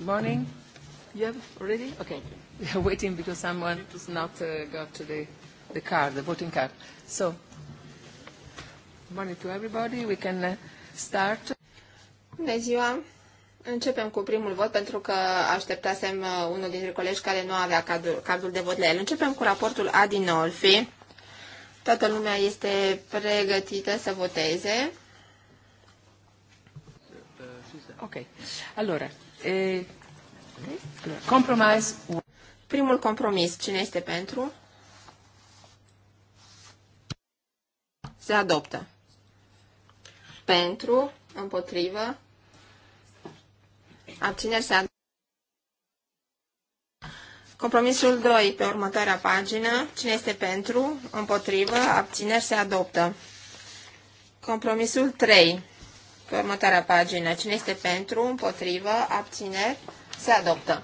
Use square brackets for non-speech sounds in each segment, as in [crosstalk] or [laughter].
Morning. You have already? Okay. We are waiting because someone has not uh, got to the, the card, the voting card. So, morning to everybody. We can uh, start. Bună ziua! Începem cu primul vot pentru că așteptasem uh, unul dintre colegi care nu avea cardul, cardul de vot la el. Începem cu raportul Adinolfi. Toată lumea este pregătită să voteze. Ok. Allora, compromise. Primul compromis. Cine este pentru? Se adoptă. Pentru, împotrivă, abțineri se adoptă. Compromisul 2 pe următoarea pagină. Cine este pentru, împotrivă, abțineri se adoptă. Compromisul 3. Pe următoarea pagină, cine este pentru, împotrivă, abțineri, se adoptă.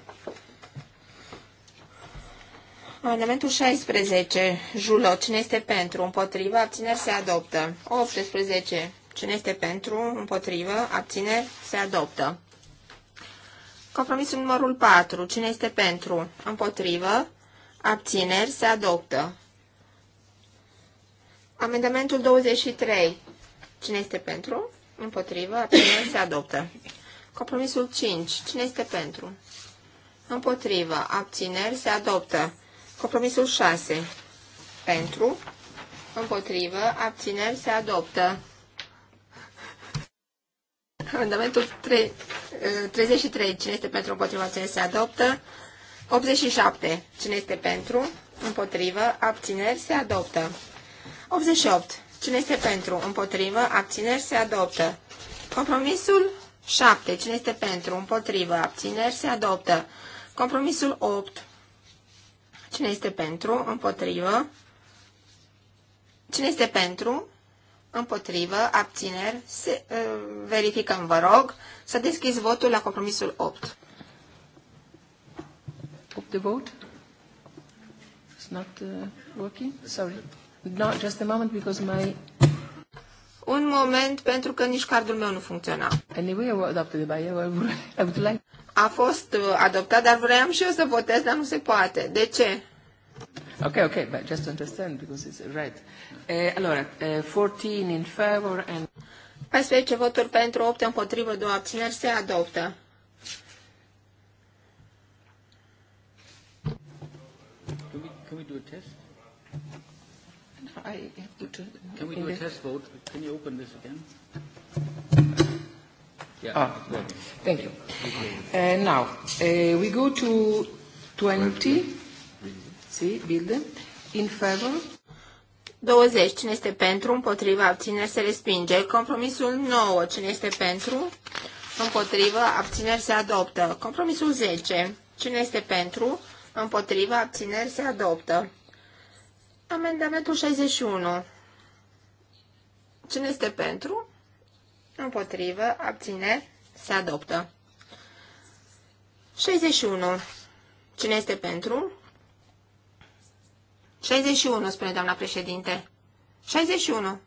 Amendamentul 16, Julo, cine este pentru, împotrivă, abțineri, se adoptă. 18, cine este pentru, împotrivă, abțineri, se adoptă. Compromisul numărul 4, cine este pentru, împotrivă, abțineri, se adoptă. Amendamentul 23, cine este pentru, Împotrivă, abțineri se adoptă. Compromisul 5. Cine este pentru? Împotrivă, abțineri se adoptă. Compromisul 6. Pentru, împotrivă, abțineri se adoptă. Amendamentul 3, 33. Cine este pentru, împotrivă, abțineri se adoptă. 87. Cine este pentru, împotrivă, abțineri se adoptă. 88. Cine este pentru? Împotrivă. Abțineri se adoptă. Compromisul 7. Cine este pentru? Împotrivă. Abțineri se adoptă. Compromisul 8. Cine este pentru? Împotrivă. Cine este pentru? Împotrivă. Abțineri. Se, uh, verificăm, vă rog, să deschizi votul la compromisul 8. Up the vote? It's not uh, working? Sorry. Not just a moment because my un moment pentru că nici cardul meu nu funcționa. Anyway, I adopted by you. I would [laughs] like... A fost uh, adoptat, dar vroiam și eu să votez, dar nu se poate. De ce? Ok, ok, but just to understand because it's right. Uh, allora, uh, 14 in favor and 14 voturi pentru, 8 împotrivă, 2 abțineri se adoptă. Can we, can we do a test? I have to. Can we do a test vote? Can you open this again? Yeah. Ah, thank you. Uh, now uh, we go to 20. See, build in favor. 20. Cine este pentru? Împotriva. Abțineri se respinge. Compromisul 9. Cine este pentru? Împotrivă. Abțineri se adoptă. Compromisul 10. Cine este pentru? Împotriva. Abțineri se adoptă. Amendamentul 61. Cine este pentru? Împotrivă, Abține. se adoptă. 61. Cine este pentru? 61, spune doamna președinte. 61.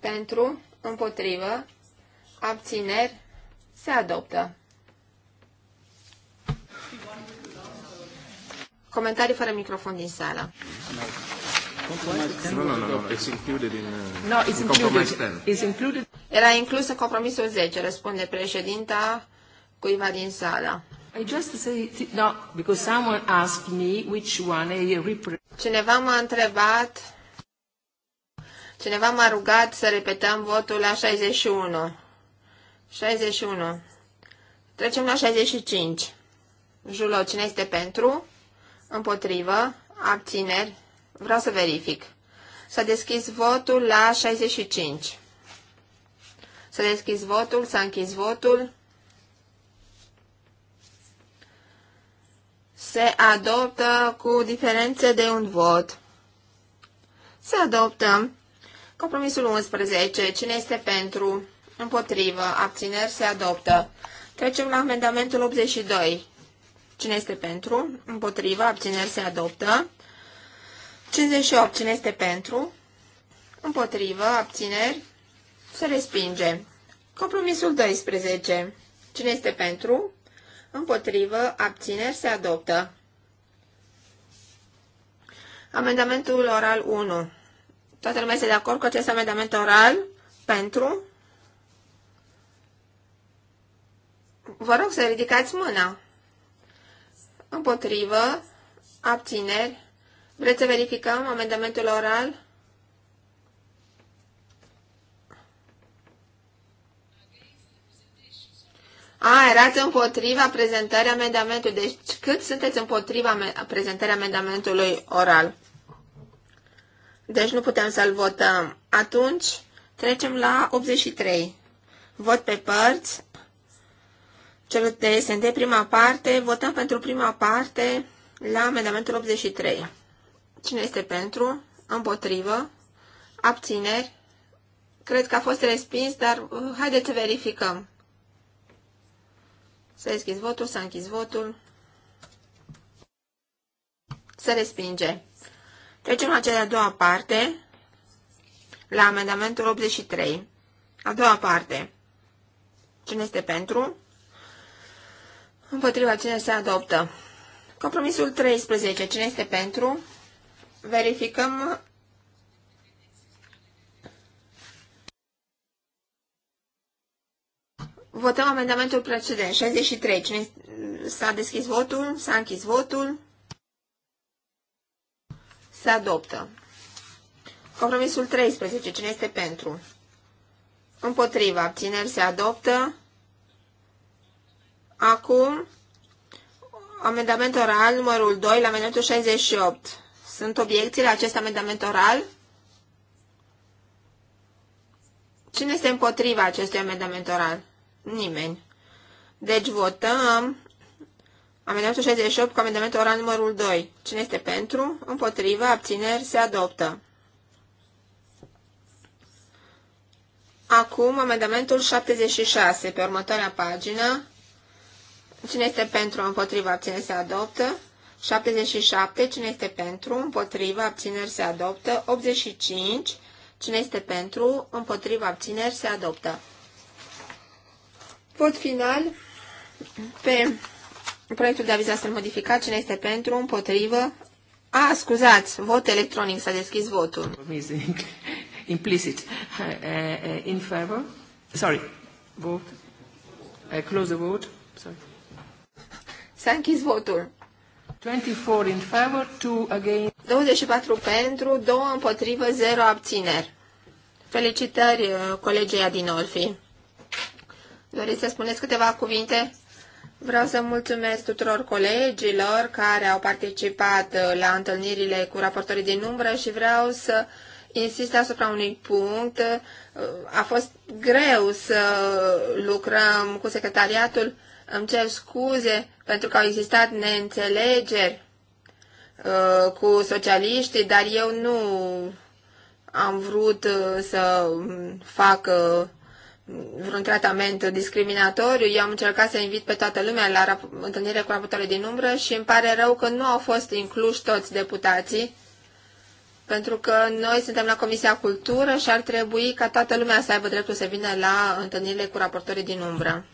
Pentru, împotrivă, abțineri, se adoptă. Comentarii fără microfon din sală. No, no, no, It's included in, uh, no, it's included. It's included. Era inclusă compromisul 10, răspunde președinta cuiva din sală. I just say, no, because someone asked me which one I Cineva m-a întrebat, cineva m-a rugat să repetăm votul la 61. 61. Trecem la 65. Julo, cine este pentru? împotrivă, abțineri, vreau să verific. S-a deschis votul la 65. S-a deschis votul, s-a închis votul. Se adoptă cu diferențe de un vot. Se adoptă compromisul 11. Cine este pentru? Împotrivă. Abțineri se adoptă. Trecem la amendamentul 82. Cine este pentru? Împotriva, Abțineri se adoptă. 58. Cine este pentru? Împotrivă. Abțineri se respinge. Compromisul 12. Cine este pentru? Împotrivă. Abțineri se adoptă. Amendamentul oral 1. Toată lumea este de acord cu acest amendament oral? Pentru? Vă rog să ridicați mâna împotrivă, abțineri. Vreți să verificăm amendamentul oral? A, erați împotriva prezentării amendamentului. Deci cât sunteți împotriva prezentării amendamentului oral? Deci nu putem să-l votăm. Atunci trecem la 83. Vot pe părți. Cel de SND, prima parte, votăm pentru prima parte la amendamentul 83. Cine este pentru? Împotrivă? Abțineri? Cred că a fost respins, dar uh, haideți să verificăm. S-a deschis votul, s-a închis votul. Se respinge. Trecem la cea de-a doua parte, la amendamentul 83. A doua parte. Cine este pentru? Împotriva cine se adoptă. Compromisul 13. Cine este pentru? Verificăm Votăm amendamentul precedent, 63. Cine s-a deschis votul? S-a închis votul? Se adoptă. Compromisul 13. Cine este pentru? Împotriva. Abțineri se adoptă. Acum, amendament oral numărul 2 la amendamentul 68. Sunt obiecții la acest amendament oral? Cine este împotriva acestui amendament oral? Nimeni. Deci votăm amendamentul 68 cu amendament oral numărul 2. Cine este pentru? Împotriva? Abțineri? Se adoptă. Acum amendamentul 76 pe următoarea pagină. Cine este pentru, împotriva, abțineri se adoptă. 77. Cine este pentru, împotriva, abțineri se adoptă. 85. Cine este pentru, împotriva, abțineri se adoptă. Vot final pe proiectul de aviz astfel modificat. Cine este pentru, împotrivă? A, scuzați, vot electronic. S-a deschis votul. [laughs] Implicit. Uh, uh, in favor? Sorry. Vote. Uh, close the vote. Sorry. S-a închis votul. 24 in favor, 2 against. 24 pentru, 2 împotrivă, 0 abțineri. Felicitări uh, colegii Adinolfi. Doriți să spuneți câteva cuvinte? Vreau să mulțumesc tuturor colegilor care au participat uh, la întâlnirile cu raportorii din umbră și vreau să insist asupra unui punct. Uh, a fost greu să lucrăm cu secretariatul îmi cer scuze pentru că au existat neînțelegeri uh, cu socialiștii, dar eu nu am vrut uh, să fac vreun tratament discriminatoriu. Eu am încercat să invit pe toată lumea la întâlnire cu raportorii din umbră și îmi pare rău că nu au fost incluși toți deputații, pentru că noi suntem la Comisia Cultură și ar trebui ca toată lumea să aibă dreptul să vină la întâlnire cu raportorii din umbră.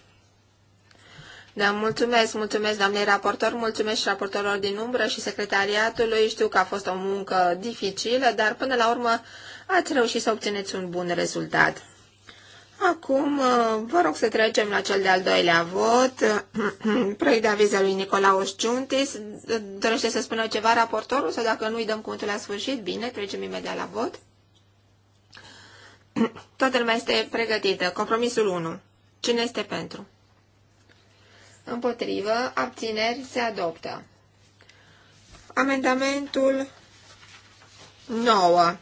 Da, mulțumesc, mulțumesc doamne raportor, mulțumesc și raportorilor din umbră și secretariatului. Știu că a fost o muncă dificilă, dar până la urmă ați reușit să obțineți un bun rezultat. Acum uh, vă rog să trecem la cel de-al doilea vot. [clears throat] Proiect de aviz al lui Nicolaos Ciuntis. Dorește să spună ceva raportorul sau dacă nu îi dăm cuvântul la sfârșit? Bine, trecem imediat la vot. [clears throat] Toată lumea este pregătită. Compromisul 1. Cine este pentru? Împotrivă. Abțineri. Se adoptă. Amendamentul 9.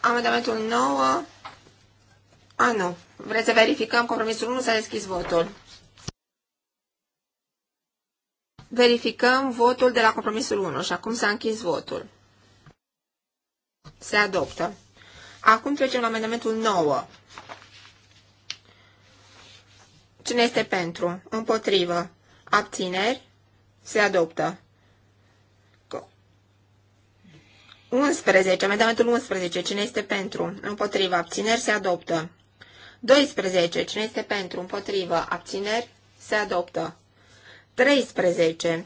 Amendamentul 9. A, nu. Vreți să verificăm compromisul 1? S-a deschis votul. Verificăm votul de la compromisul 1 și acum s-a închis votul. Se adoptă. Acum trecem la amendamentul 9. Cine este pentru? Împotrivă. Abțineri? Se adoptă. 11. Amendamentul 11. Cine este pentru? Împotrivă. Abțineri? Se adoptă. 12. Cine este pentru? Împotrivă. Abțineri? Se adoptă. 13.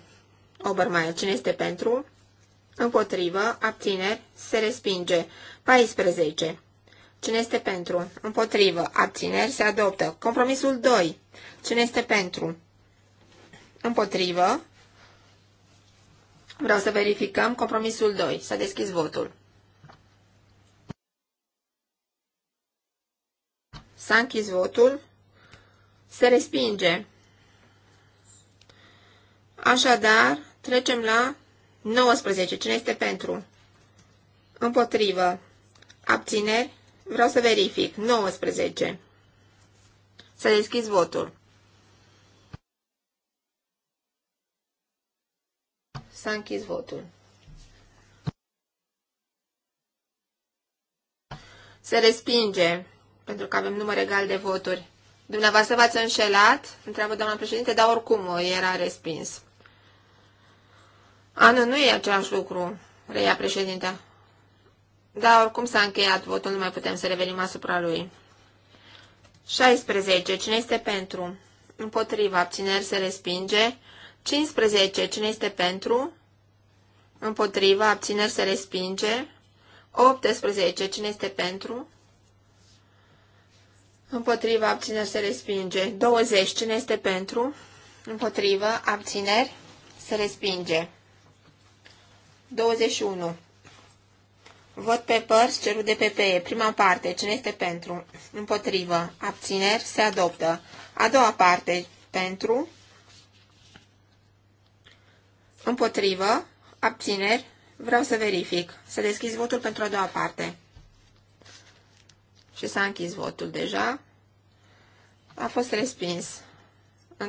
Obermaier. Cine este pentru? Împotrivă. Abțineri? Se respinge. 14. Cine este pentru? Împotrivă. Abțineri se adoptă. Compromisul 2. Cine este pentru? Împotrivă. Vreau să verificăm compromisul 2. S-a deschis votul. S-a închis votul. Se respinge. Așadar, trecem la 19. Cine este pentru? Împotrivă. Abțineri Vreau să verific. 19. Să deschis votul. S-a închis votul. Se respinge, pentru că avem număr egal de voturi. Dumneavoastră v-ați înșelat? Întreabă doamna președinte, dar oricum era respins. A, nu, nu e același lucru, reia președintea. Da, oricum s-a încheiat votul, nu mai putem să revenim asupra lui. 16. Cine este pentru? Împotriva. Abțineri se respinge. 15. Cine este pentru? Împotriva. Abțineri se respinge. 18. Cine este pentru? Împotriva. Abțineri se respinge. 20. Cine este pentru? Împotriva. Abțineri se respinge. 21. Vot pe părți cerut de PPE. Prima parte. Cine este pentru? Împotrivă. Abțineri. Se adoptă. A doua parte. Pentru. Împotrivă. Abțineri. Vreau să verific. Să deschizi votul pentru a doua parte. Și s-a închis votul deja. A fost respins.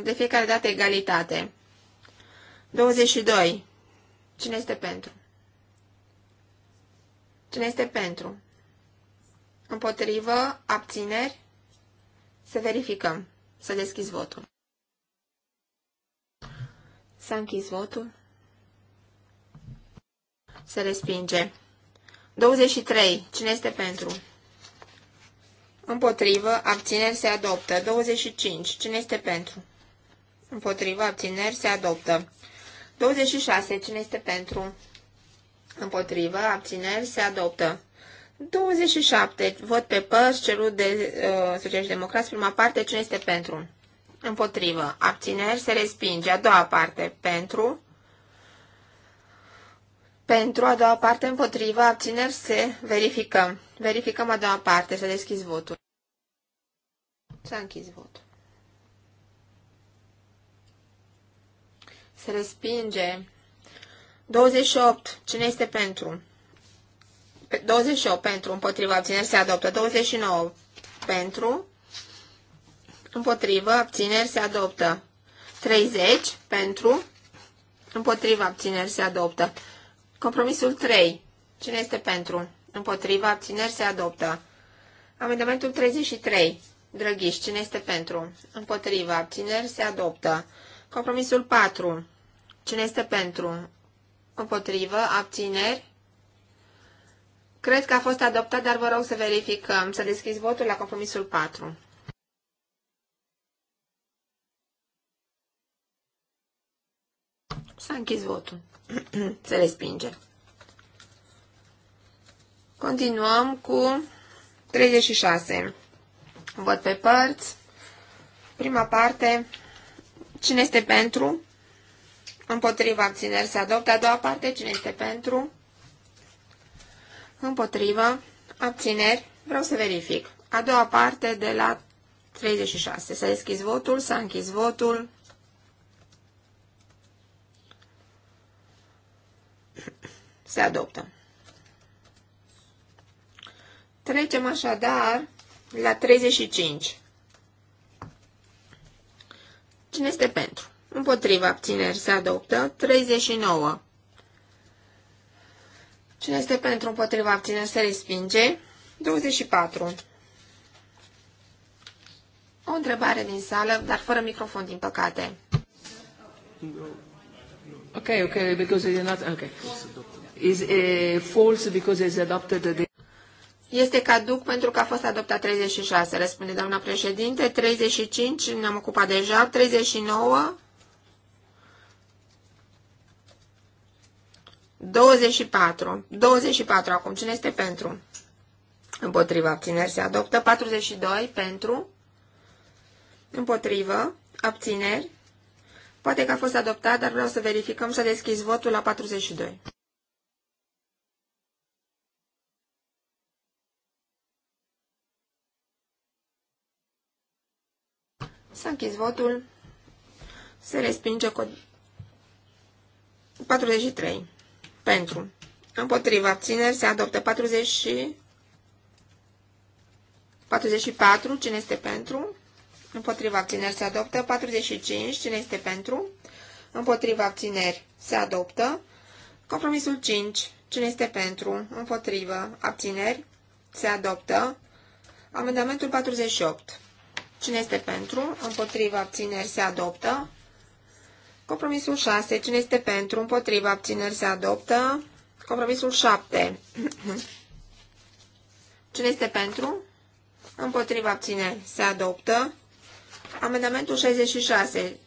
De fiecare dată egalitate. 22. Cine este pentru? Cine este pentru? Împotrivă, abțineri, să verificăm. Să deschizi votul. S-a închis votul. Se respinge. 23. Cine este pentru? Împotrivă, abțineri se adoptă. 25. Cine este pentru? Împotrivă, abțineri se adoptă. 26. Cine este pentru? Împotrivă, abțineri, se adoptă. 27. Vot pe părți cerut de uh, Socialiști Democrați. Prima parte, cine este pentru? Împotrivă. Abțineri se respinge. A doua parte, pentru. Pentru a doua parte, împotrivă. Abțineri se verificăm. Verificăm a doua parte. Să deschizi votul. S-a închis votul. Se respinge 28. Cine este pentru? 28 pentru, împotriva, abțineri se adoptă. 29 pentru, împotriva, abțineri se adoptă. 30 pentru, împotriva, abțineri se adoptă. Compromisul 3. Cine este pentru? Împotriva, abțineri se adoptă. Amendamentul 33. Drăghiș, cine este pentru? Împotriva, abțineri se adoptă. Compromisul 4. Cine este pentru? Împotrivă? Abțineri? Cred că a fost adoptat, dar vă rog să verificăm. Să deschizi votul la compromisul 4. S-a închis votul. [clears throat] Se respinge. Continuăm cu 36. Vot pe părți. Prima parte. Cine este pentru? Împotriva abțineri se adoptă. A doua parte, cine este pentru? Împotriva abțineri. Vreau să verific. A doua parte de la 36. S-a deschis votul, s-a închis votul. Se adoptă. Trecem așadar la 35. Cine este pentru? Împotriva abțineri se adoptă 39. Cine este pentru împotriva abțineri se respinge 24. O întrebare din sală, dar fără microfon, din păcate. Ok, ok, because it is not... Ok. Is a uh, false because it's adopted... The... Este caduc pentru că a fost adoptat 36, răspunde doamna președinte. 35 ne-am ocupat deja. 39 24. 24 acum. Cine este pentru? Împotriva abțineri se adoptă. 42 pentru. Împotrivă. Abțineri. Poate că a fost adoptat, dar vreau să verificăm să deschis votul la 42. S-a închis votul. Se respinge cu 43 pentru. Împotriva abțineri se adoptă 40 și 44. Cine este pentru? Împotriva abțineri se adoptă 45. Cine este pentru? Împotriva abțineri se adoptă. Compromisul 5. Cine este pentru? Împotriva Abțineri se adoptă. Amendamentul 48. Cine este pentru? Împotriva abțineri se adoptă. Compromisul 6. Cine este pentru? Împotriva. Abțineri se adoptă. Compromisul 7. [clears throat] Cine este pentru? Împotriva. Abțineri se adoptă. Amendamentul 66.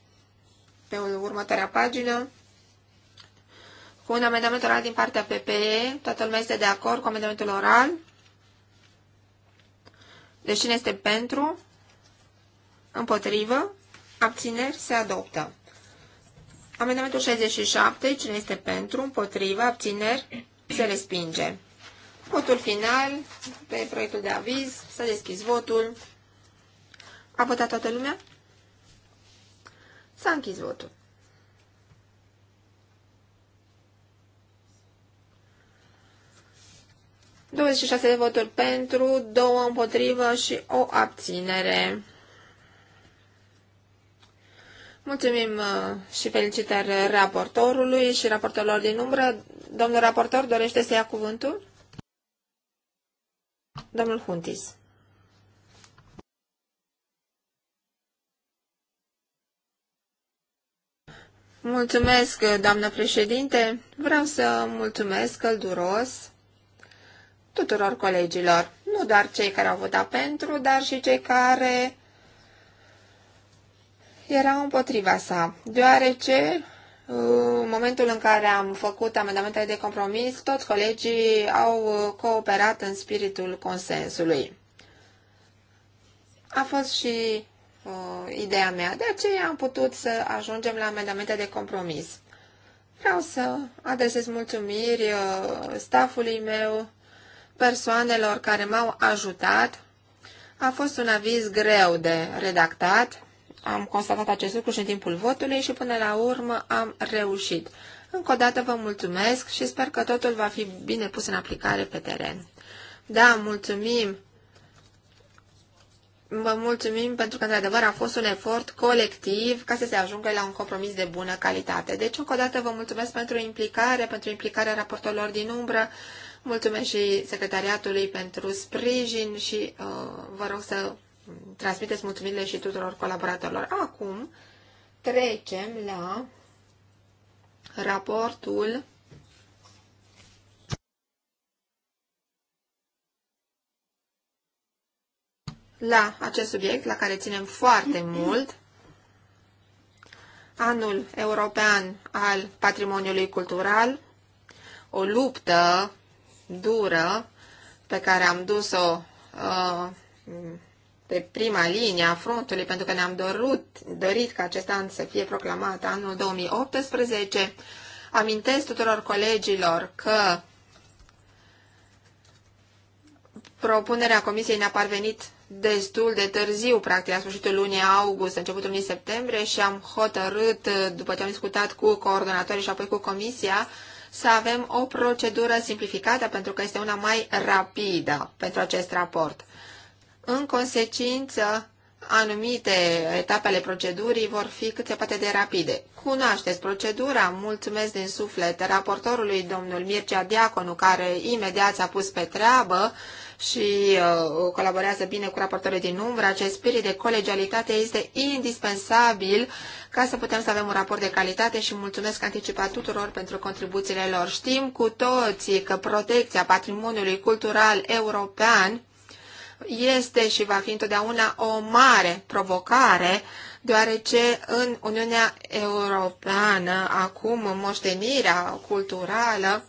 Pe următoarea pagină. Cu un amendament oral din partea PPE. Toată lumea este de acord cu amendamentul oral. Deci cine este pentru? Împotrivă? Abțineri se adoptă. Amendamentul 67, cine este pentru, împotriva, abțineri, se respinge. Votul final pe proiectul de aviz, s-a deschis votul. A votat toată lumea? S-a închis votul. ...26 de voturi pentru, 2 împotrivă și o abținere. Mulțumim uh, și felicitări raportorului și raportorilor din umbră. Domnul raportor dorește să ia cuvântul? Domnul Huntis. Mulțumesc, doamnă președinte. Vreau să mulțumesc călduros tuturor colegilor, nu doar cei care au votat pentru, dar și cei care erau împotriva sa, deoarece uh, în momentul în care am făcut amendamentele de compromis, toți colegii au uh, cooperat în spiritul consensului. A fost și uh, ideea mea, de aceea am putut să ajungem la amendamente de compromis. Vreau să adresez mulțumiri uh, stafului meu, persoanelor care m-au ajutat. A fost un aviz greu de redactat, am constatat acest lucru și în timpul votului și până la urmă am reușit. Încă o dată vă mulțumesc și sper că totul va fi bine pus în aplicare pe teren. Da, mulțumim! Vă mulțumim pentru că, într-adevăr, a fost un efort colectiv ca să se ajungă la un compromis de bună calitate. Deci, încă o dată, vă mulțumesc pentru implicare, pentru implicarea raportorilor din umbră, mulțumesc și secretariatului pentru sprijin și uh, vă rog să transmiteți mulțumirile și tuturor colaboratorilor. Acum trecem la raportul la acest subiect la care ținem foarte mult, Anul European al Patrimoniului Cultural, o luptă dură pe care am dus-o uh, pe prima linie a frontului, pentru că ne-am dorit, dorit ca acest an să fie proclamat anul 2018. Amintesc tuturor colegilor că propunerea comisiei ne-a parvenit destul de târziu, practic la sfârșitul lunii august, începutul lunii septembrie și am hotărât, după ce am discutat cu coordonatorii și apoi cu comisia, să avem o procedură simplificată pentru că este una mai rapidă pentru acest raport. În consecință, anumite etape ale procedurii vor fi cât se poate de rapide. Cunoașteți procedura, mulțumesc din suflet raportorului domnul Mircea Diaconu, care imediat s-a pus pe treabă și uh, colaborează bine cu raportorii din umbră. Acest spirit de colegialitate este indispensabil ca să putem să avem un raport de calitate și mulțumesc anticipat tuturor pentru contribuțiile lor. Știm cu toții că protecția patrimoniului cultural european este și va fi întotdeauna o mare provocare, deoarece în Uniunea Europeană, acum moștenirea culturală,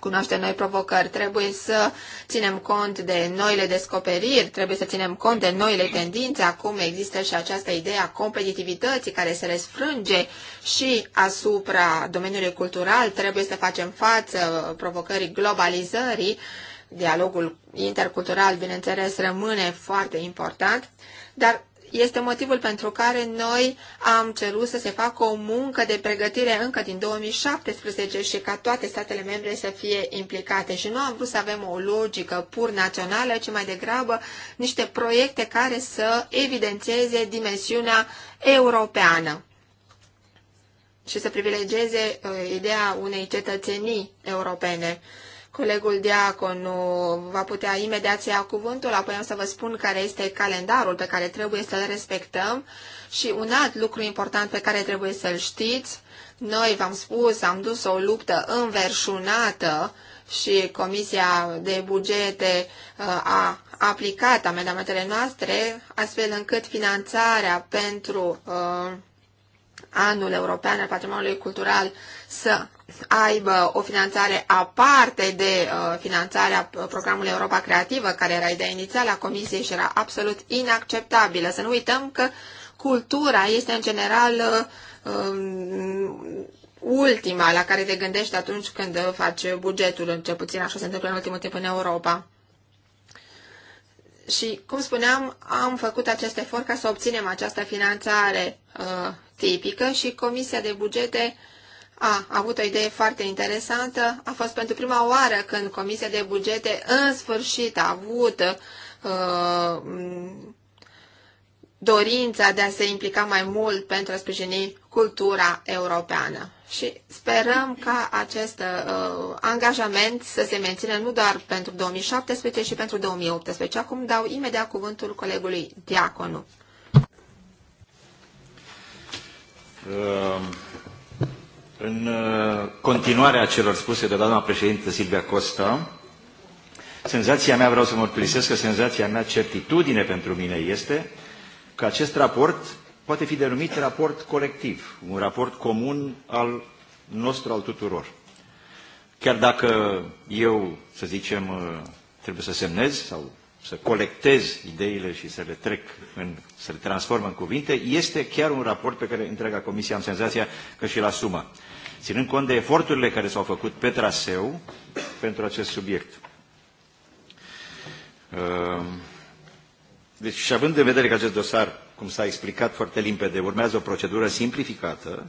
cunoaște noi provocări, trebuie să ținem cont de noile descoperiri, trebuie să ținem cont de noile tendințe. Acum există și această idee a competitivității care se răsfrânge și asupra domeniului cultural. Trebuie să facem față provocării globalizării dialogul intercultural, bineînțeles, rămâne foarte important, dar este motivul pentru care noi am cerut să se facă o muncă de pregătire încă din 2017 și ca toate statele membre să fie implicate. Și nu am vrut să avem o logică pur națională, ci mai degrabă niște proiecte care să evidențieze dimensiunea europeană și să privilegieze uh, ideea unei cetățenii europene Colegul Diaconu va putea imediat să ia cuvântul, apoi am să vă spun care este calendarul pe care trebuie să-l respectăm și un alt lucru important pe care trebuie să-l știți. Noi v-am spus, am dus o luptă înverșunată și Comisia de Bugete uh, a aplicat amendamentele noastre, astfel încât finanțarea pentru uh, anul european al patrimoniului cultural să aibă o finanțare aparte de uh, finanțarea programului Europa Creativă, care era ideea inițială a Comisiei și era absolut inacceptabilă. Să nu uităm că cultura este în general uh, um, ultima la care te gândești atunci când faci bugetul, cel puțin așa se întâmplă în ultimul timp în Europa. Și, cum spuneam, am făcut acest efort ca să obținem această finanțare uh, tipică și Comisia de Bugete uh, a avut o idee foarte interesantă. A fost pentru prima oară când Comisia de Bugete în sfârșit a avut uh, dorința de a se implica mai mult pentru a sprijini cultura europeană. Și sperăm ca acest uh, angajament să se mențină nu doar pentru 2017, ci și pentru 2018. Acum dau imediat cuvântul colegului Diaconu. Um... În uh, continuarea celor spuse de doamna președintă Silvia Costa, senzația mea, vreau să mărturisesc că senzația mea, certitudine pentru mine este că acest raport poate fi denumit raport colectiv, un raport comun al nostru, al tuturor. Chiar dacă eu, să zicem, uh, trebuie să semnez sau să colectez ideile și să le trec, în, să le transform în cuvinte, este chiar un raport pe care întreaga comisie am senzația că și la sumă, ținând cont de eforturile care s-au făcut pe traseu pentru acest subiect. Ehm, deci, și având în vedere că acest dosar, cum s-a explicat foarte limpede, urmează o procedură simplificată,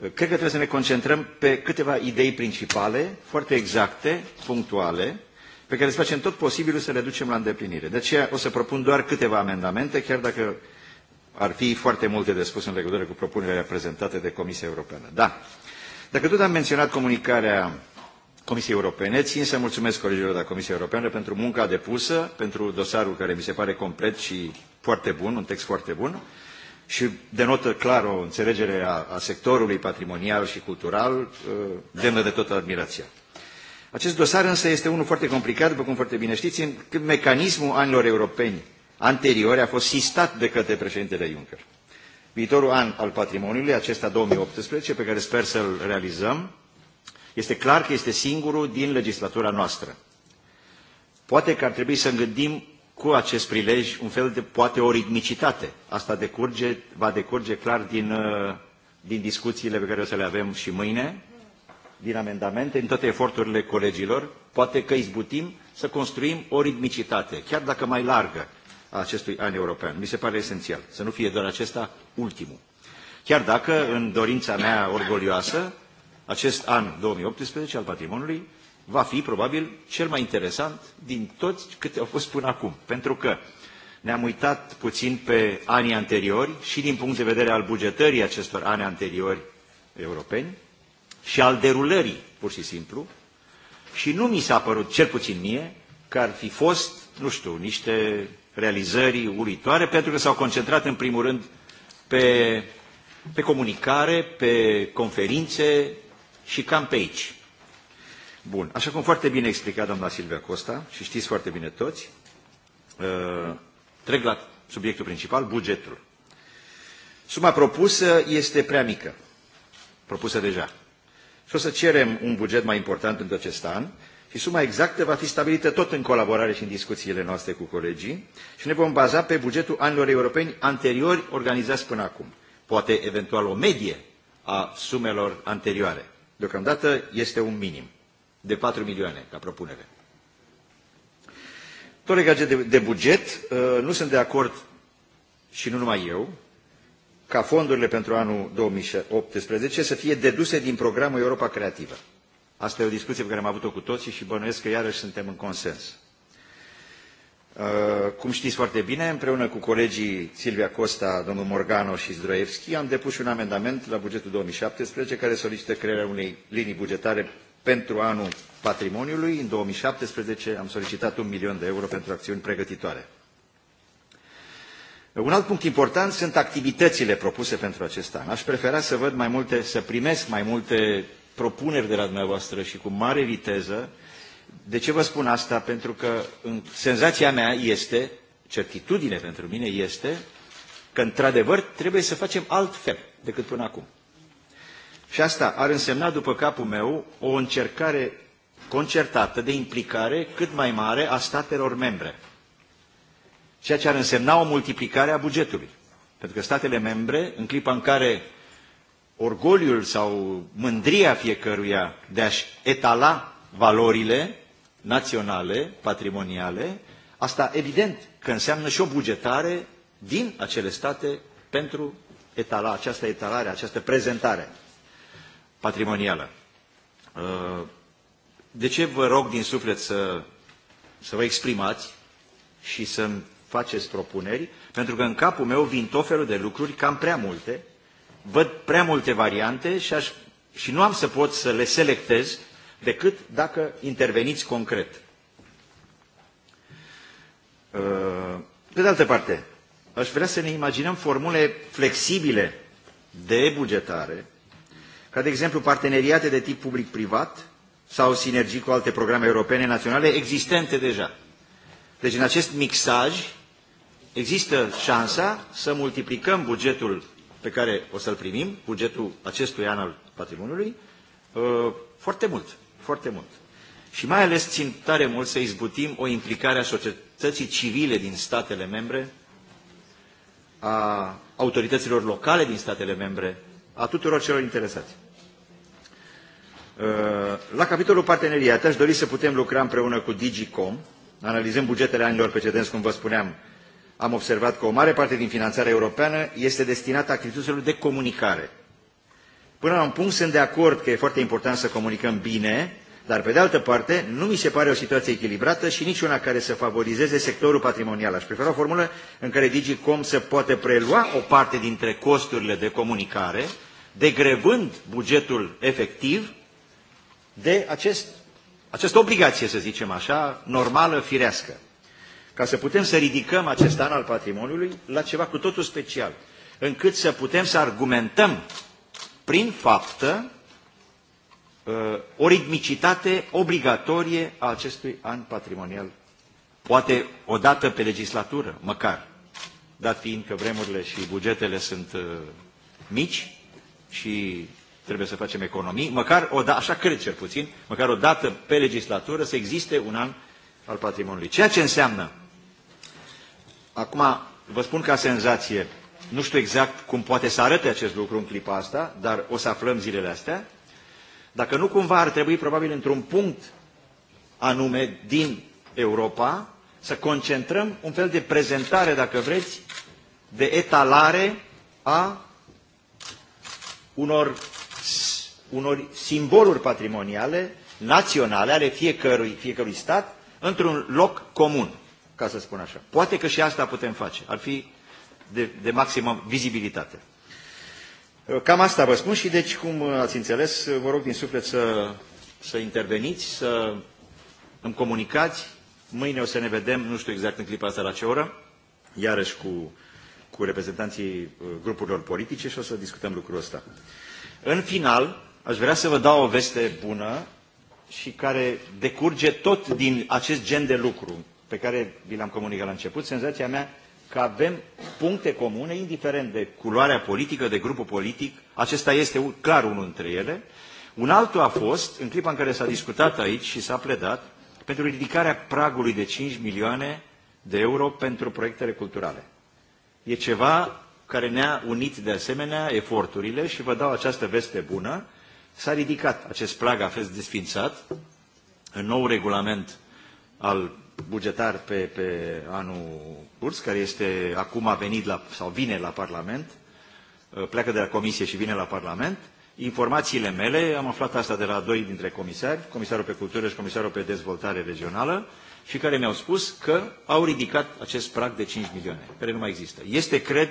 cred că trebuie să ne concentrăm pe câteva idei principale, foarte exacte, punctuale, pe care să facem tot posibilul să le ducem la îndeplinire. De aceea o să propun doar câteva amendamente, chiar dacă ar fi foarte multe de spus în legătură cu propunerea prezentate de Comisia Europeană. Da, dacă tot am menționat comunicarea Comisiei Europene, țin să mulțumesc colegilor de la Comisia Europeană pentru munca depusă, pentru dosarul care mi se pare complet și foarte bun, un text foarte bun și denotă clar o înțelegere a, a sectorului patrimonial și cultural uh, demnă de toată admirația. Acest dosar însă este unul foarte complicat, după cum foarte bine știți, în mecanismul anilor europeni anteriori a fost sistat de către președintele Juncker. Viitorul an al patrimoniului, acesta 2018, pe care sper să-l realizăm, este clar că este singurul din legislatura noastră. Poate că ar trebui să gândim cu acest prilej un fel de, poate, o ritmicitate. Asta decurge, va decurge clar din, uh, din discuțiile pe care o să le avem și mâine, din amendamente, din toate eforturile colegilor, poate că izbutim să construim o ritmicitate, chiar dacă mai largă, a acestui an european. Mi se pare esențial să nu fie doar acesta ultimul. Chiar dacă, în dorința mea orgolioasă, acest an 2018 al patrimoniului va fi probabil cel mai interesant din toți câte au fost până acum. Pentru că ne-am uitat puțin pe anii anteriori și din punct de vedere al bugetării acestor ani anteriori europeni și al derulării, pur și simplu, și nu mi s-a părut, cel puțin mie, că ar fi fost, nu știu, niște realizări uritoare, pentru că s-au concentrat în primul rând pe, pe comunicare, pe conferințe și cam pe aici. Bun, așa cum foarte bine explica doamna Silvia Costa și știți foarte bine toți, uh, trec la subiectul principal, bugetul. Suma propusă este prea mică, propusă deja, și o să cerem un buget mai important în acest an și suma exactă va fi stabilită tot în colaborare și în discuțiile noastre cu colegii și ne vom baza pe bugetul anilor europeni anteriori organizați până acum. Poate eventual o medie a sumelor anterioare. Deocamdată este un minim de 4 milioane ca propunere. Tot legat de, de buget, uh, nu sunt de acord și nu numai eu, ca fondurile pentru anul 2018 să fie deduse din programul Europa Creativă. Asta e o discuție pe care am avut-o cu toții și bănuiesc că iarăși suntem în consens. Uh, cum știți foarte bine, împreună cu colegii Silvia Costa, domnul Morgano și Zdroevski, am depus un amendament la bugetul 2017 care solicită crearea unei linii bugetare pentru anul patrimoniului. În 2017 am solicitat un milion de euro pentru acțiuni pregătitoare. Un alt punct important sunt activitățile propuse pentru acest an. Aș prefera să văd mai multe, să primesc mai multe propuneri de la dumneavoastră și cu mare viteză. De ce vă spun asta? Pentru că în senzația mea este, certitudine pentru mine este, că într-adevăr trebuie să facem altfel decât până acum. Și asta ar însemna, după capul meu, o încercare concertată de implicare cât mai mare a statelor membre ceea ce ar însemna o multiplicare a bugetului. Pentru că statele membre, în clipa în care orgoliul sau mândria fiecăruia de a-și etala valorile naționale, patrimoniale, asta evident că înseamnă și o bugetare din acele state pentru etala, această etalare, această prezentare patrimonială. Uh, de ce vă rog din suflet să, să vă exprimați și să-mi faceți propuneri, pentru că în capul meu vin tot felul de lucruri, cam prea multe, văd prea multe variante și, aș, și nu am să pot să le selectez decât dacă interveniți concret. Uh, pe de altă parte, aș vrea să ne imaginăm formule flexibile de bugetare, ca de exemplu parteneriate de tip public-privat sau sinergii cu alte programe europene naționale existente deja. Deci în acest mixaj există șansa să multiplicăm bugetul pe care o să-l primim, bugetul acestui an al patrimoniului, uh, foarte mult, foarte mult. Și mai ales țin tare mult să izbutim o implicare a societății civile din statele membre, a autorităților locale din statele membre, a tuturor celor interesați. Uh, la capitolul parteneriat aș dori să putem lucra împreună cu DigiCom, analizăm bugetele anilor precedenți, cum vă spuneam, am observat că o mare parte din finanțarea europeană este destinată activităților de comunicare. Până la un punct sunt de acord că e foarte important să comunicăm bine, dar pe de altă parte nu mi se pare o situație echilibrată și niciuna care să favorizeze sectorul patrimonial. Aș prefera o formulă în care Digicom să poată prelua o parte dintre costurile de comunicare, degrevând bugetul efectiv de acest, această obligație, să zicem așa, normală, firească ca să putem să ridicăm acest an al patrimoniului la ceva cu totul special, încât să putem să argumentăm prin faptă uh, o ritmicitate obligatorie a acestui an patrimonial. Poate o dată pe legislatură, măcar, dat fiind că vremurile și bugetele sunt uh, mici și trebuie să facem economii, măcar o dată, așa cred cel puțin, măcar o dată pe legislatură să existe un an al patrimoniului. Ceea ce înseamnă Acum, vă spun ca senzație, nu știu exact cum poate să arate acest lucru în clipa asta, dar o să aflăm zilele astea. Dacă nu cumva ar trebui, probabil, într-un punct anume din Europa, să concentrăm un fel de prezentare, dacă vreți, de etalare a unor, unor simboluri patrimoniale naționale ale fiecărui, fiecărui stat într-un loc comun ca să spun așa. Poate că și asta putem face. Ar fi de, de maximă vizibilitate. Cam asta vă spun și deci, cum ați înțeles, vă rog din suflet să, să interveniți, să îmi comunicați. Mâine o să ne vedem, nu știu exact în clipa asta la ce oră, iarăși cu, cu reprezentanții uh, grupurilor politice și o să discutăm lucrul ăsta. În final, aș vrea să vă dau o veste bună și care decurge tot din acest gen de lucru pe care vi l-am comunicat la început, senzația mea că avem puncte comune, indiferent de culoarea politică, de grupul politic, acesta este clar unul dintre ele. Un altul a fost, în clipa în care s-a discutat aici și s-a pledat, pentru ridicarea pragului de 5 milioane de euro pentru proiectele culturale. E ceva care ne-a unit de asemenea eforturile și vă dau această veste bună. S-a ridicat acest prag, a fost desfințat în nou regulament al bugetar pe, pe anul curs, care este acum a venit la, sau vine la Parlament, uh, pleacă de la Comisie și vine la Parlament. Informațiile mele, am aflat asta de la doi dintre comisari, comisarul pe cultură și comisarul pe dezvoltare regională, și care mi-au spus că au ridicat acest prag de 5 milioane, care nu mai există. Este, cred,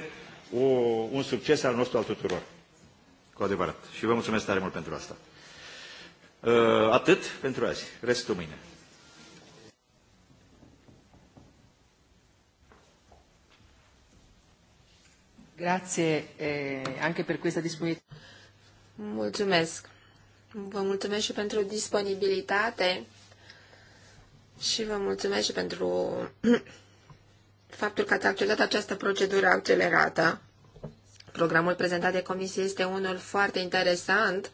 o, un succes al nostru al tuturor. Cu adevărat. Și vă mulțumesc tare mult pentru asta. Uh, atât pentru azi. Restul mâine. Grazie eh, anche per questa disponibilità. Mulțumesc. Vă mulțumesc și pentru disponibilitate și vă mulțumesc și pentru [clears throat] faptul că ați acceptat această procedură accelerată. Programul prezentat de comisie este unul foarte interesant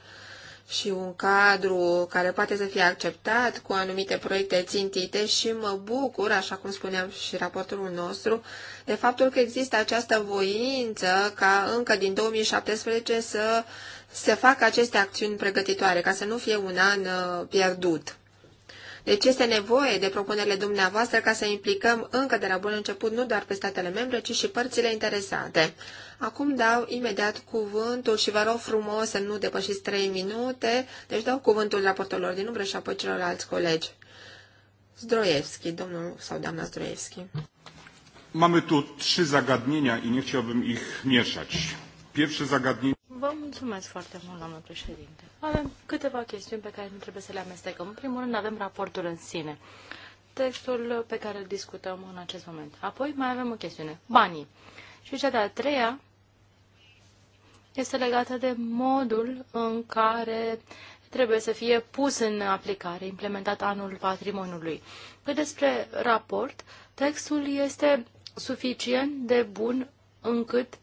și un cadru care poate să fie acceptat cu anumite proiecte țintite și mă bucur, așa cum spuneam și raportul nostru, de faptul că există această voință ca încă din 2017 să se facă aceste acțiuni pregătitoare, ca să nu fie un an uh, pierdut. Deci este nevoie de propunerile dumneavoastră ca să implicăm încă de la bun început nu doar pe statele membre, ci și părțile interesate. Acum dau imediat cuvântul și vă rog frumos să nu depășiți trei minute, deci dau cuvântul raportorilor din umbră și apoi celorlalți colegi. Zdroievski, domnul sau doamna Zdroievski. Mamy tu trzy zagadnienia i nie chciałbym ich mieszać. Pierwsze zagadnienie... Vă mulțumesc foarte mult, doamnă președinte. Avem câteva chestiuni pe care nu trebuie să le amestecăm. În primul rând avem raportul în sine, textul pe care îl discutăm în acest moment. Apoi mai avem o chestiune, banii. Și cea de-a treia este legată de modul în care trebuie să fie pus în aplicare, implementat anul patrimoniului. Cât despre raport, textul este suficient de bun încât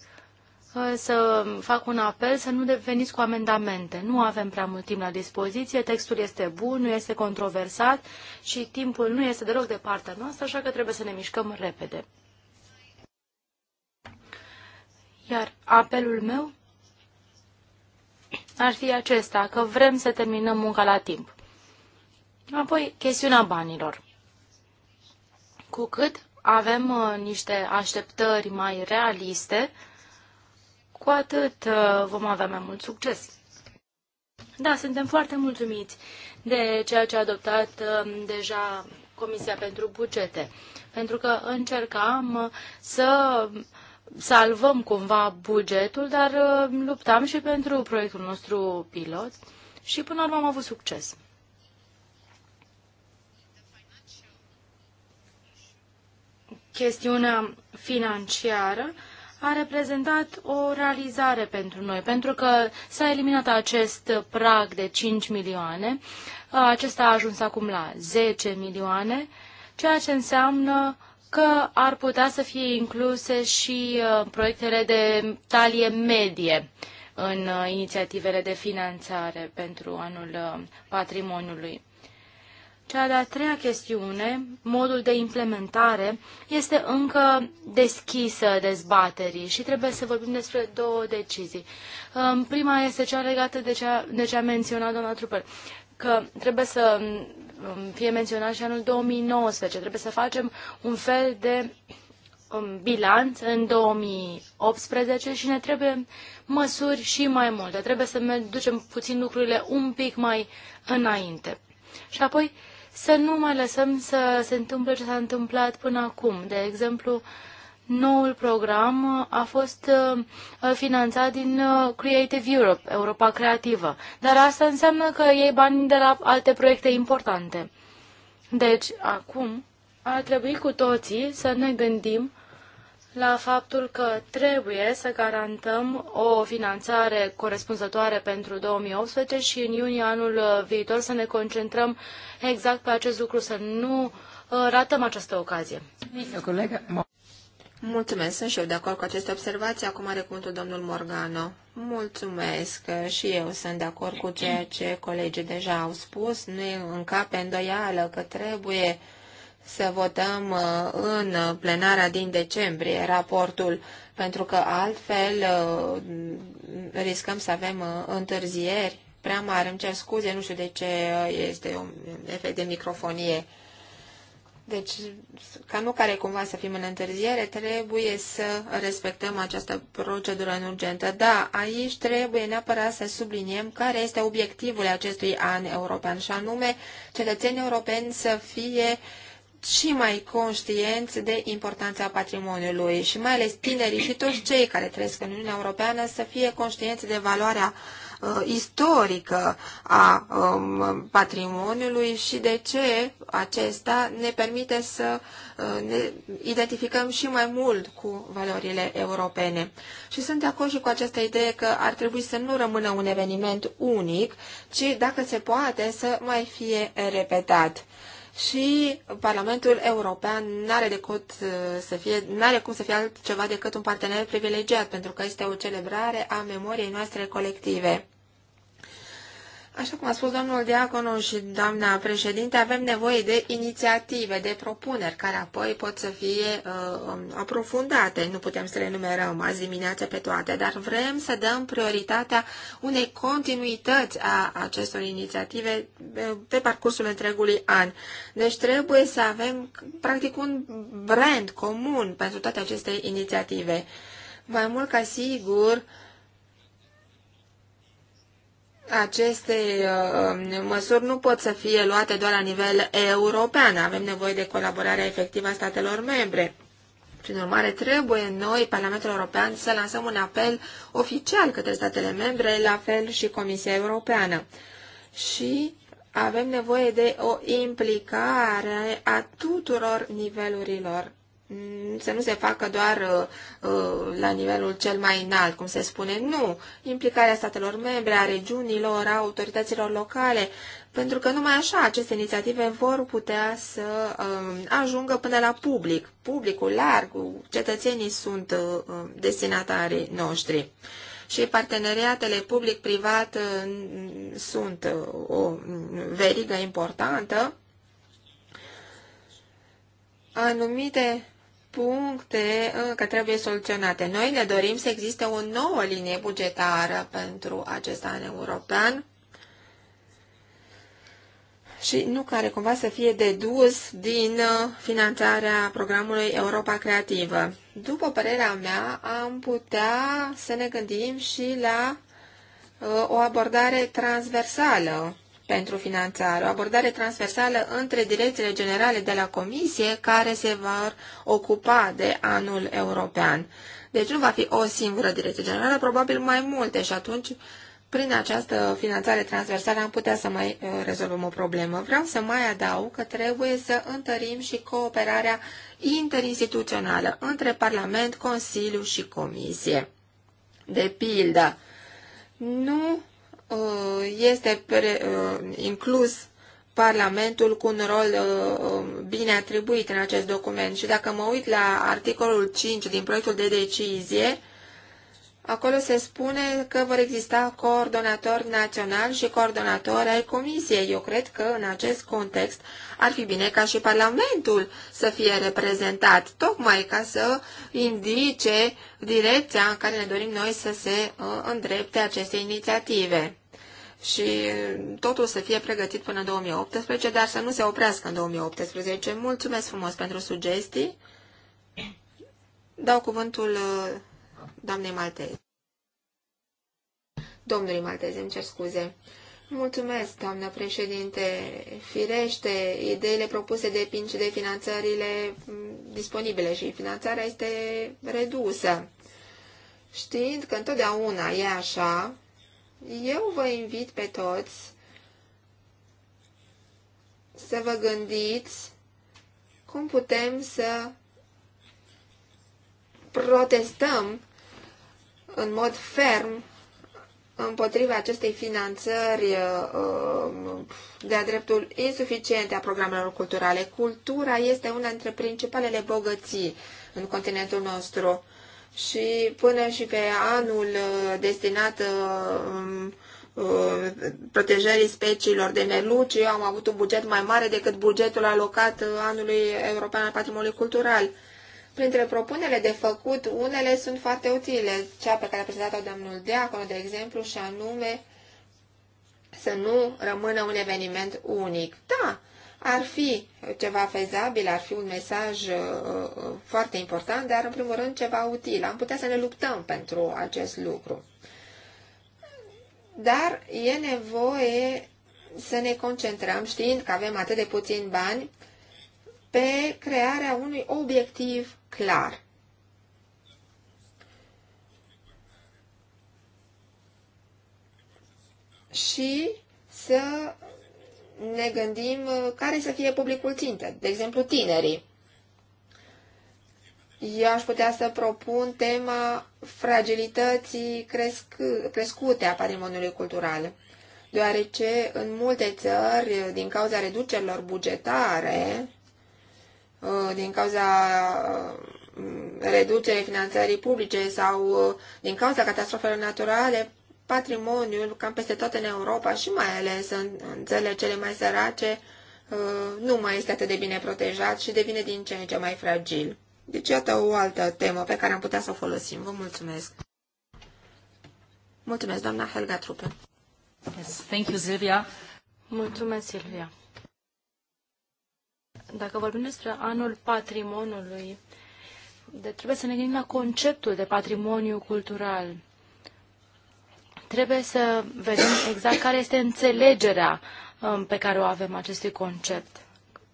uh, să fac un apel să nu veniți cu amendamente. Nu avem prea mult timp la dispoziție, textul este bun, nu este controversat și timpul nu este deloc de partea noastră, așa că trebuie să ne mișcăm repede. Iar apelul meu ar fi acesta, că vrem să terminăm munca la timp. Apoi, chestiunea banilor. Cu cât avem uh, niște așteptări mai realiste, cu atât uh, vom avea mai mult succes. Da, suntem foarte mulțumiți de ceea ce a adoptat uh, deja Comisia pentru Bugete, pentru că încercam să salvăm cumva bugetul, dar uh, luptam și pentru proiectul nostru pilot și până la urmă am avut succes. Chestiunea financiară a reprezentat o realizare pentru noi, pentru că s-a eliminat acest prag de 5 milioane, acesta a ajuns acum la 10 milioane, ceea ce înseamnă că ar putea să fie incluse și uh, proiectele de talie medie în uh, inițiativele de finanțare pentru anul uh, patrimoniului. Cea de-a treia chestiune, modul de implementare, este încă deschisă dezbaterii și trebuie să vorbim despre două decizii. Um, prima este cea legată de cea, de cea menționat doamna Trupel, că trebuie să Um, fie menționat și anul 2019. Trebuie să facem un fel de um, bilanț în 2018 și ne trebuie măsuri și mai multe. Trebuie să ducem puțin lucrurile un pic mai înainte. Și apoi să nu mai lăsăm să se întâmple ce s-a întâmplat până acum. De exemplu, Noul program a fost uh, finanțat din uh, Creative Europe, Europa Creativă, dar asta înseamnă că iei bani de la alte proiecte importante. Deci, acum, ar trebui cu toții să ne gândim la faptul că trebuie să garantăm o finanțare corespunzătoare pentru 2018 și în iunie anul uh, viitor să ne concentrăm exact pe acest lucru, să nu ratăm această ocazie. Mulțumesc, sunt și eu de acord cu aceste observații. Acum are cuvântul domnul Morgano. Mulțumesc și eu sunt de acord cu ceea ce colegii deja au spus. Nu e în cap îndoială că trebuie să votăm uh, în plenarea din decembrie raportul, pentru că altfel uh, riscăm să avem uh, întârzieri prea mari. Îmi cer scuze, nu știu de ce este un efect de microfonie. Deci, ca nu care cumva să fim în întârziere, trebuie să respectăm această procedură în urgentă. Da, aici trebuie neapărat să subliniem care este obiectivul acestui an european, și anume cetățenii europeni să fie și mai conștienți de importanța patrimoniului și mai ales tinerii și toți cei care trăiesc în Uniunea Europeană să fie conștienți de valoarea uh, uh, istorică a um, patrimoniului și de ce acesta ne permite să uh, ne identificăm și mai mult cu valorile europene. Și sunt de acord și cu această idee că ar trebui să nu rămână un eveniment unic, ci, dacă se poate, să mai fie repetat și Parlamentul European n-are decât uh, să fie, n-are cum să fie altceva decât un partener privilegiat, pentru că este o celebrare a memoriei noastre colective. Așa cum a spus domnul Diaconu și doamna președinte, avem nevoie de inițiative, de propuneri, care apoi pot să fie uh, um, aprofundate. Nu putem să le numerăm azi dimineață pe toate, dar vrem să dăm prioritatea unei continuități a acestor inițiative uh, pe parcursul întregului an. Deci trebuie să avem, practic, un brand comun pentru toate aceste inițiative. Mai mult ca sigur, uh, aceste uh, măsuri nu pot să fie luate doar la nivel european. Avem nevoie de colaborarea efectivă a statelor membre. Prin urmare, trebuie noi, Parlamentul European, să lansăm un apel oficial către statele membre, la fel și Comisia Europeană. Și avem nevoie de o implicare a tuturor nivelurilor Mm, să nu se facă doar uh, uh, la nivelul cel mai înalt, cum se spune. Nu! Implicarea statelor membre, a regiunilor, a autorităților locale, pentru că numai așa aceste inițiative vor putea să um, ajungă până la public. Publicul larg, cetățenii sunt uh, destinatarii noștri. Și parteneriatele public-privat sunt o verigă importantă anumite puncte încă uh, trebuie soluționate. Noi ne dorim să existe o nouă linie bugetară pentru acest an european și nu care cumva să fie dedus din uh, finanțarea programului Europa Creativă. După părerea mea, am putea să ne gândim și la uh, o abordare transversală pentru finanțare, o abordare transversală între direcțiile generale de la Comisie care se vor ocupa de anul european. Deci nu va fi o singură direcție generală, probabil mai multe și atunci prin această finanțare transversală am putea să mai uh, rezolvăm o problemă. Vreau să mai adaug că trebuie să întărim și cooperarea interinstituțională între Parlament, Consiliu și Comisie. De pildă, nu Uh, este uh, inclus Parlamentul cu un rol uh, bine atribuit în acest document. Și dacă mă uit la articolul 5 din proiectul de decizie, acolo se spune că vor exista coordonatori naționali și coordonatori ai Comisiei. Eu cred că în acest context ar fi bine ca și Parlamentul să fie reprezentat, tocmai ca să indice direcția în care ne dorim noi să se îndrepte aceste inițiative și totul să fie pregătit până în 2018, dar să nu se oprească în 2018. Mulțumesc frumos pentru sugestii. Dau cuvântul uh, doamnei Malteze. Domnului Malteze, îmi cer scuze. Mulțumesc, doamnă președinte. Firește, ideile propuse depin și de finanțările mm, disponibile și finanțarea este redusă. Știind că întotdeauna e așa, eu vă invit pe toți să vă gândiți cum putem să protestăm în mod ferm împotriva acestei finanțări uh, de-a dreptul insuficiente a programelor culturale. Cultura este una dintre principalele bogății în continentul nostru și până și pe anul uh, destinat uh, um, uh, protejării speciilor de meluci, eu am avut un buget mai mare decât bugetul alocat anului european al patrimoniului cultural. Printre propunele de făcut, unele sunt foarte utile, cea pe care a prezentat-o domnul Deacon, de exemplu, și anume să nu rămână un eveniment unic. Da, ar fi ceva fezabil, ar fi un mesaj uh, uh, foarte important, dar în primul rând ceva util. Am putea să ne luptăm pentru acest lucru. Dar e nevoie să ne concentrăm, știind că avem atât de puțin bani, pe crearea unui obiectiv clar. Și să ne gândim uh, care să fie publicul țintă, de exemplu tinerii. Eu aș putea să propun tema fragilității cresc- crescute a patrimoniului cultural, deoarece în multe țări, uh, din cauza reducerilor bugetare, uh, din cauza reducerii finanțării publice sau din cauza catastrofelor naturale, patrimoniul cam peste tot în Europa și mai ales în, în țările cele mai sărace uh, nu mai este atât de bine protejat și devine din ce în ce mai fragil. Deci iată o altă temă pe care am putea să o folosim. Vă mulțumesc! Mulțumesc, doamna Helga Trupe. Yes, thank you, Silvia. Mulțumesc, Silvia. Dacă vorbim despre anul patrimoniului, de, trebuie să ne gândim la conceptul de patrimoniu cultural. Trebuie să vedem exact care este înțelegerea um, pe care o avem acestui concept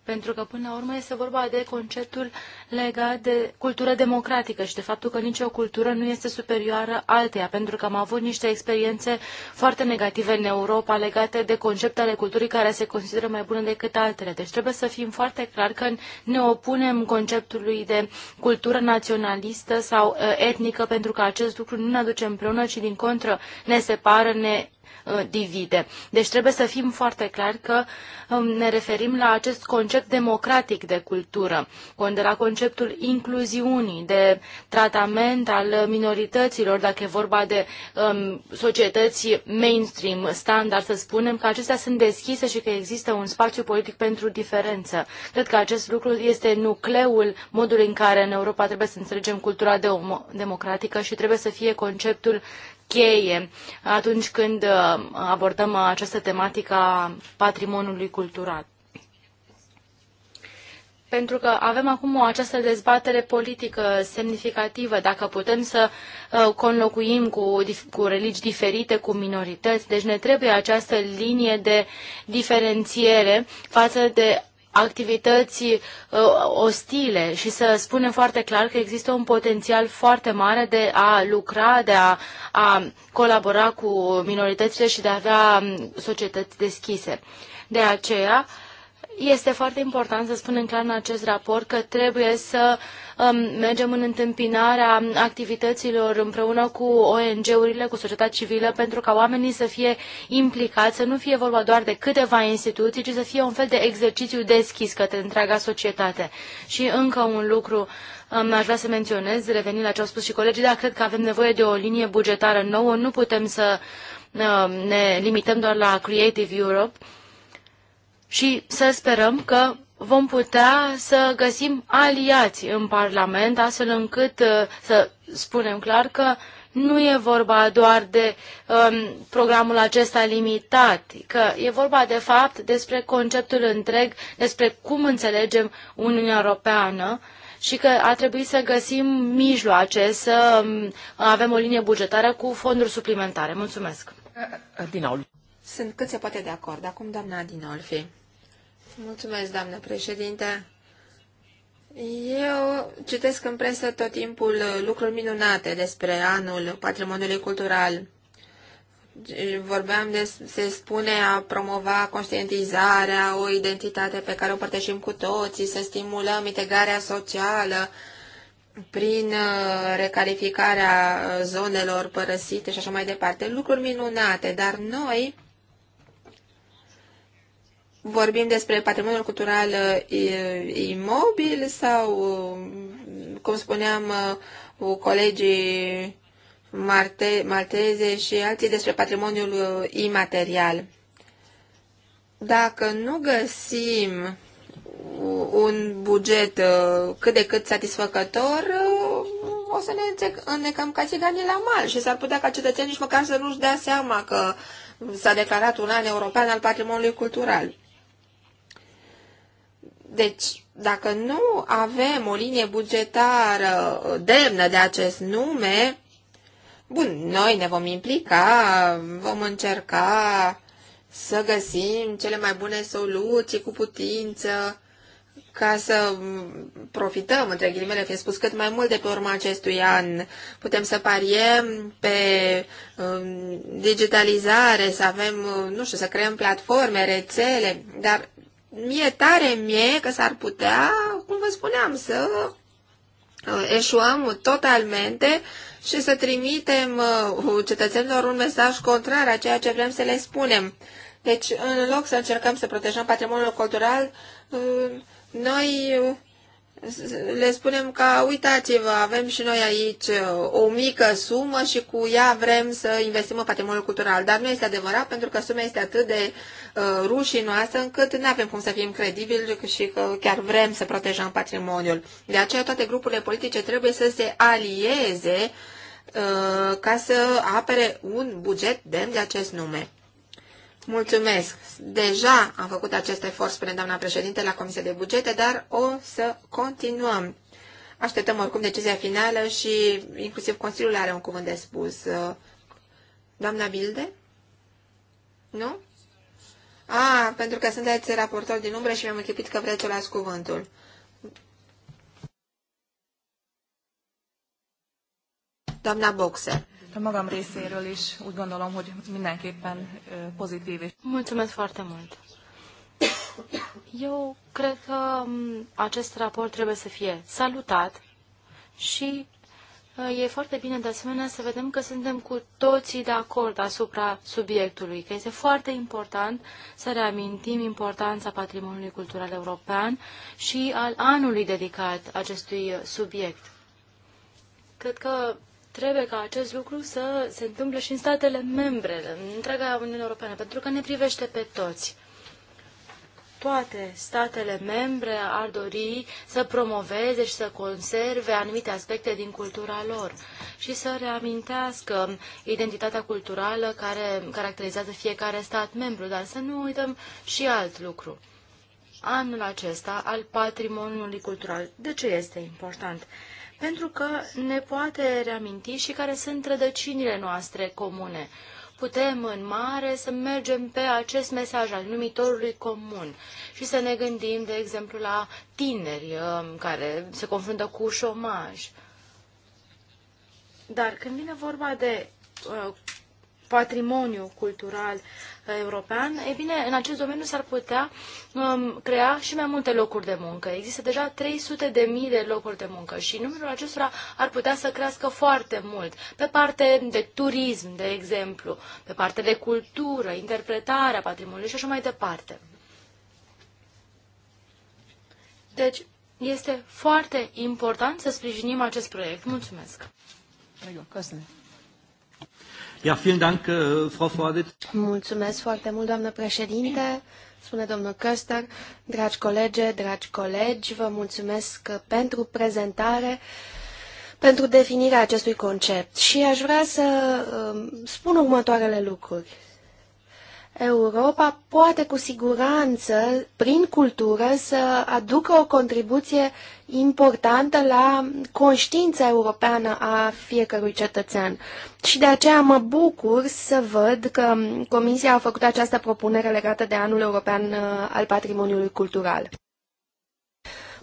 pentru că până la urmă este vorba de conceptul legat de cultură democratică și de faptul că nicio cultură nu este superioară alteia, pentru că am avut niște experiențe foarte negative în Europa legate de concepte ale culturii care se consideră mai bune decât altele. Deci trebuie să fim foarte clar că ne opunem conceptului de cultură naționalistă sau uh, etnică, pentru că acest lucru nu ne aduce împreună, ci din contră ne separă, ne Uh, divide. Deci trebuie să fim foarte clari că um, ne referim la acest concept democratic de cultură, de la conceptul incluziunii, de tratament al minorităților, dacă e vorba de um, societăți mainstream, standard, să spunem, că acestea sunt deschise și că există un spațiu politic pentru diferență. Cred că acest lucru este nucleul modului în care în Europa trebuie să înțelegem cultura democratică și trebuie să fie conceptul cheie atunci când uh, abordăm această tematică a patrimoniului cultural. Pentru că avem acum o această dezbatere politică semnificativă, dacă putem să uh, conlocuim cu, cu religii diferite, cu minorități. Deci ne trebuie această linie de diferențiere față de activități uh, ostile și să spunem foarte clar că există un potențial foarte mare de a lucra, de a, a colabora cu minoritățile și de a avea um, societăți deschise. De aceea, uh, este foarte important să spunem clar în acest raport că trebuie să um, mergem în întâmpinarea activităților împreună cu ONG-urile, cu societatea civilă, pentru ca oamenii să fie implicați, să nu fie vorba doar de câteva instituții, ci să fie un fel de exercițiu deschis către întreaga societate. Și încă un lucru um, aș vrea să menționez, revenind la ce au spus și colegii, dar cred că avem nevoie de o linie bugetară nouă, nu putem să um, ne limităm doar la Creative Europe, și să sperăm că vom putea să găsim aliați în Parlament, astfel încât uh, să spunem clar că nu e vorba doar de um, programul acesta limitat, că e vorba de fapt despre conceptul întreg, despre cum înțelegem Uniunea Europeană și că a trebuit să găsim mijloace să um, avem o linie bugetară cu fonduri suplimentare. Mulțumesc! Din sunt cât se poate de acord. Acum, doamna Adinolfi. Mulțumesc, doamnă președinte. Eu citesc în presă tot timpul lucruri minunate despre anul patrimoniului cultural. Vorbeam de, se spune, a promova conștientizarea, o identitate pe care o părtășim cu toții, să stimulăm integrarea socială prin uh, recalificarea uh, zonelor părăsite și așa mai departe. Lucruri minunate, dar noi vorbim despre patrimoniul cultural uh, imobil sau, uh, cum spuneam, uh, colegii Marte, malteze și alții despre patrimoniul imaterial. Dacă nu găsim un buget cât de cât satisfăcător, o să ne înnecăm ca țiganii la mal și s-ar putea ca cetățenii nici măcar să nu-și dea seama că s-a declarat un an european al patrimoniului cultural. Deci, dacă nu avem o linie bugetară uh, demnă de acest nume, bun, noi ne vom implica, vom încerca să găsim cele mai bune soluții cu putință ca să profităm, între ghilimele fie spus, cât mai mult de pe urma acestui an. Putem să pariem pe um, digitalizare, să avem, uh, nu știu, să creăm platforme, rețele, dar mie tare mie că s-ar putea, cum vă spuneam, să uh, eșuăm totalmente și să trimitem uh, cetățenilor un mesaj contrar a ceea ce vrem să le spunem. Deci, în loc să încercăm să protejăm patrimoniul cultural, uh, noi le spunem că uitați-vă, avem și noi aici uh, o mică sumă și cu ea vrem să investim în patrimoniul cultural. Dar nu este adevărat pentru că suma este atât de uh, rușinoasă încât nu avem cum să fim credibili și că chiar vrem să protejăm patrimoniul. De aceea toate grupurile politice trebuie să se alieze uh, ca să apere un buget demn de acest nume. Mulțumesc. Deja am făcut acest efort, spune doamna președinte, la Comisia de Bugete, dar o să continuăm. Așteptăm oricum decizia finală și inclusiv Consiliul are un cuvânt de spus. Doamna Bilde? Nu? A, pentru că sunteți raportor din umbră și mi-am închipit că vreți să luați cuvântul. Doamna Boxer magam részéről is úgy gondolom, hogy mindenképpen pozitív. Mulțumesc foarte mult! Eu cred că acest raport trebuie să fie salutat și e foarte bine de asemenea să vedem că suntem cu toții de acord asupra subiectului, că este foarte important să reamintim importanța patrimoniului cultural european și al anului dedicat acestui subiect. Cred că Trebuie ca acest lucru să se întâmple și în statele membre, în întreaga Uniune Europeană, pentru că ne privește pe toți. Toate statele membre ar dori să promoveze și să conserve anumite aspecte din cultura lor și să reamintească identitatea culturală care caracterizează fiecare stat membru, dar să nu uităm și alt lucru anul acesta al patrimoniului cultural. De ce este important? pentru că ne poate reaminti și care sunt rădăcinile noastre comune. Putem în mare să mergem pe acest mesaj al numitorului comun și să ne gândim, de exemplu, la tineri um, care se confruntă cu șomaj. Dar când vine vorba de uh, patrimoniu cultural, european, e bine, în acest domeniu s-ar putea um, crea și mai multe locuri de muncă. Există deja 300 de mii de locuri de muncă și numărul acestora ar putea să crească foarte mult. Pe parte de turism, de exemplu, pe parte de cultură, interpretarea patrimoniului și așa mai departe. Deci, este foarte important să sprijinim acest proiect. Mulțumesc! you. Ja, vielen Dank, äh, Frau Mulțumesc foarte mult, doamnă președinte. Spune domnul Köster, dragi colege, dragi colegi, vă mulțumesc pentru prezentare, pentru definirea acestui concept. Și aș vrea să um, spun următoarele lucruri. Europa poate cu siguranță, prin cultură, să aducă o contribuție importantă la conștiința europeană a fiecărui cetățean. Și de aceea mă bucur să văd că Comisia a făcut această propunere legată de Anul European uh, al Patrimoniului Cultural.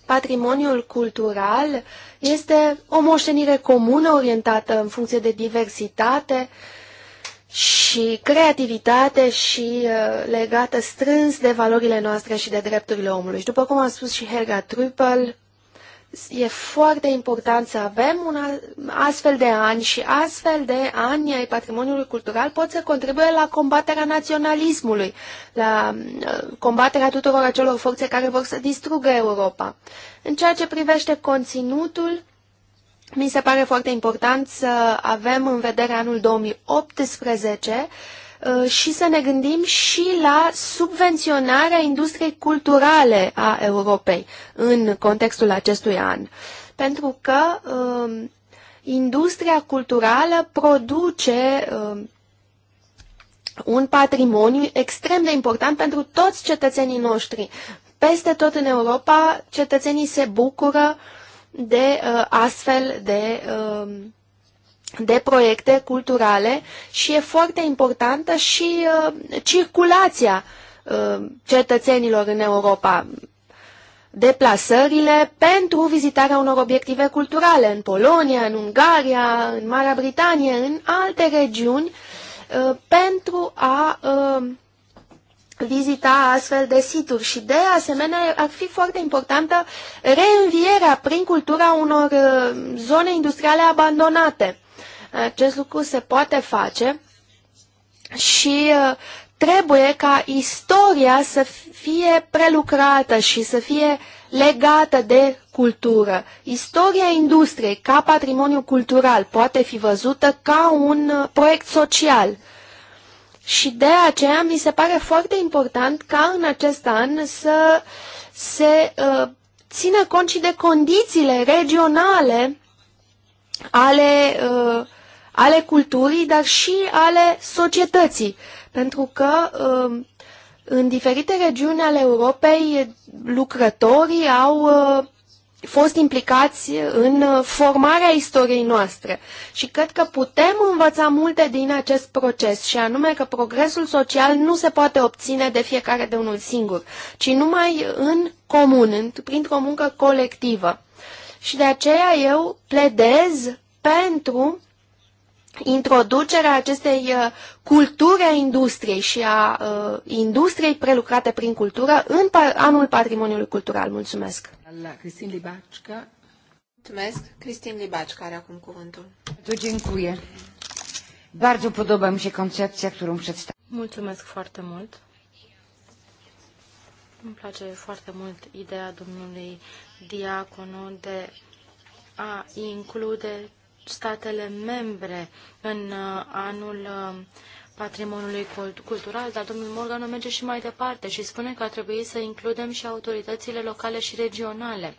Patrimoniul cultural este o moștenire comună orientată în funcție de diversitate, și creativitate și uh, legată strâns de valorile noastre și de drepturile omului. Și după cum a spus și Helga Trüppel, e foarte important să avem un astfel de ani și astfel de ani ai patrimoniului cultural pot să contribuie la combaterea naționalismului, la uh, combaterea tuturor acelor forțe care vor să distrugă Europa. În ceea ce privește conținutul, mi se pare foarte important să avem în vedere anul 2018 uh, și să ne gândim și la subvenționarea industriei culturale a Europei în contextul acestui an. Pentru că um, industria culturală produce um, un patrimoniu extrem de important pentru toți cetățenii noștri. Peste tot în Europa, cetățenii se bucură uh, de uh, astfel de, uh, de proiecte culturale și e foarte importantă și uh, circulația uh, cetățenilor în Europa deplasările pentru vizitarea unor obiective culturale în Polonia, în Ungaria, în Marea Britanie, în alte regiuni, uh, pentru a uh, vizita astfel de situri și de asemenea ar fi foarte importantă reînvierea prin cultura unor uh, zone industriale abandonate. Acest lucru se poate face și uh, trebuie ca istoria să fie prelucrată și să fie legată de cultură. Istoria industriei ca patrimoniu cultural poate fi văzută ca un uh, proiect social și de aceea mi se pare foarte important ca în acest an să se uh, țină cont și de condițiile regionale ale, uh, ale culturii, dar și ale societății. Pentru că uh, în diferite regiuni ale Europei lucrătorii au uh, fost implicați în uh, formarea istoriei noastre și cred că putem învăța multe din acest proces și anume că progresul social nu se poate obține de fiecare de unul singur, ci numai în comun, printr-o muncă colectivă. Și de aceea eu pledez pentru introducerea acestei uh, culturi a industriei și a uh, industriei prelucrate prin cultură în par anul patrimoniului cultural. Mulțumesc! La Cristin Libacica. Mulțumesc! Cristin Libacica care acum cuvântul. Tu dziękuję. Bardzo podoba mi się koncepcja, którą przedstawiam. Mulțumesc foarte mult! Îmi place foarte mult ideea domnului Diaconu de a include statele membre în uh, anul uh, patrimoniului cultural, dar domnul Morgan merge și mai departe și spune că ar trebui să includem și autoritățile locale și regionale.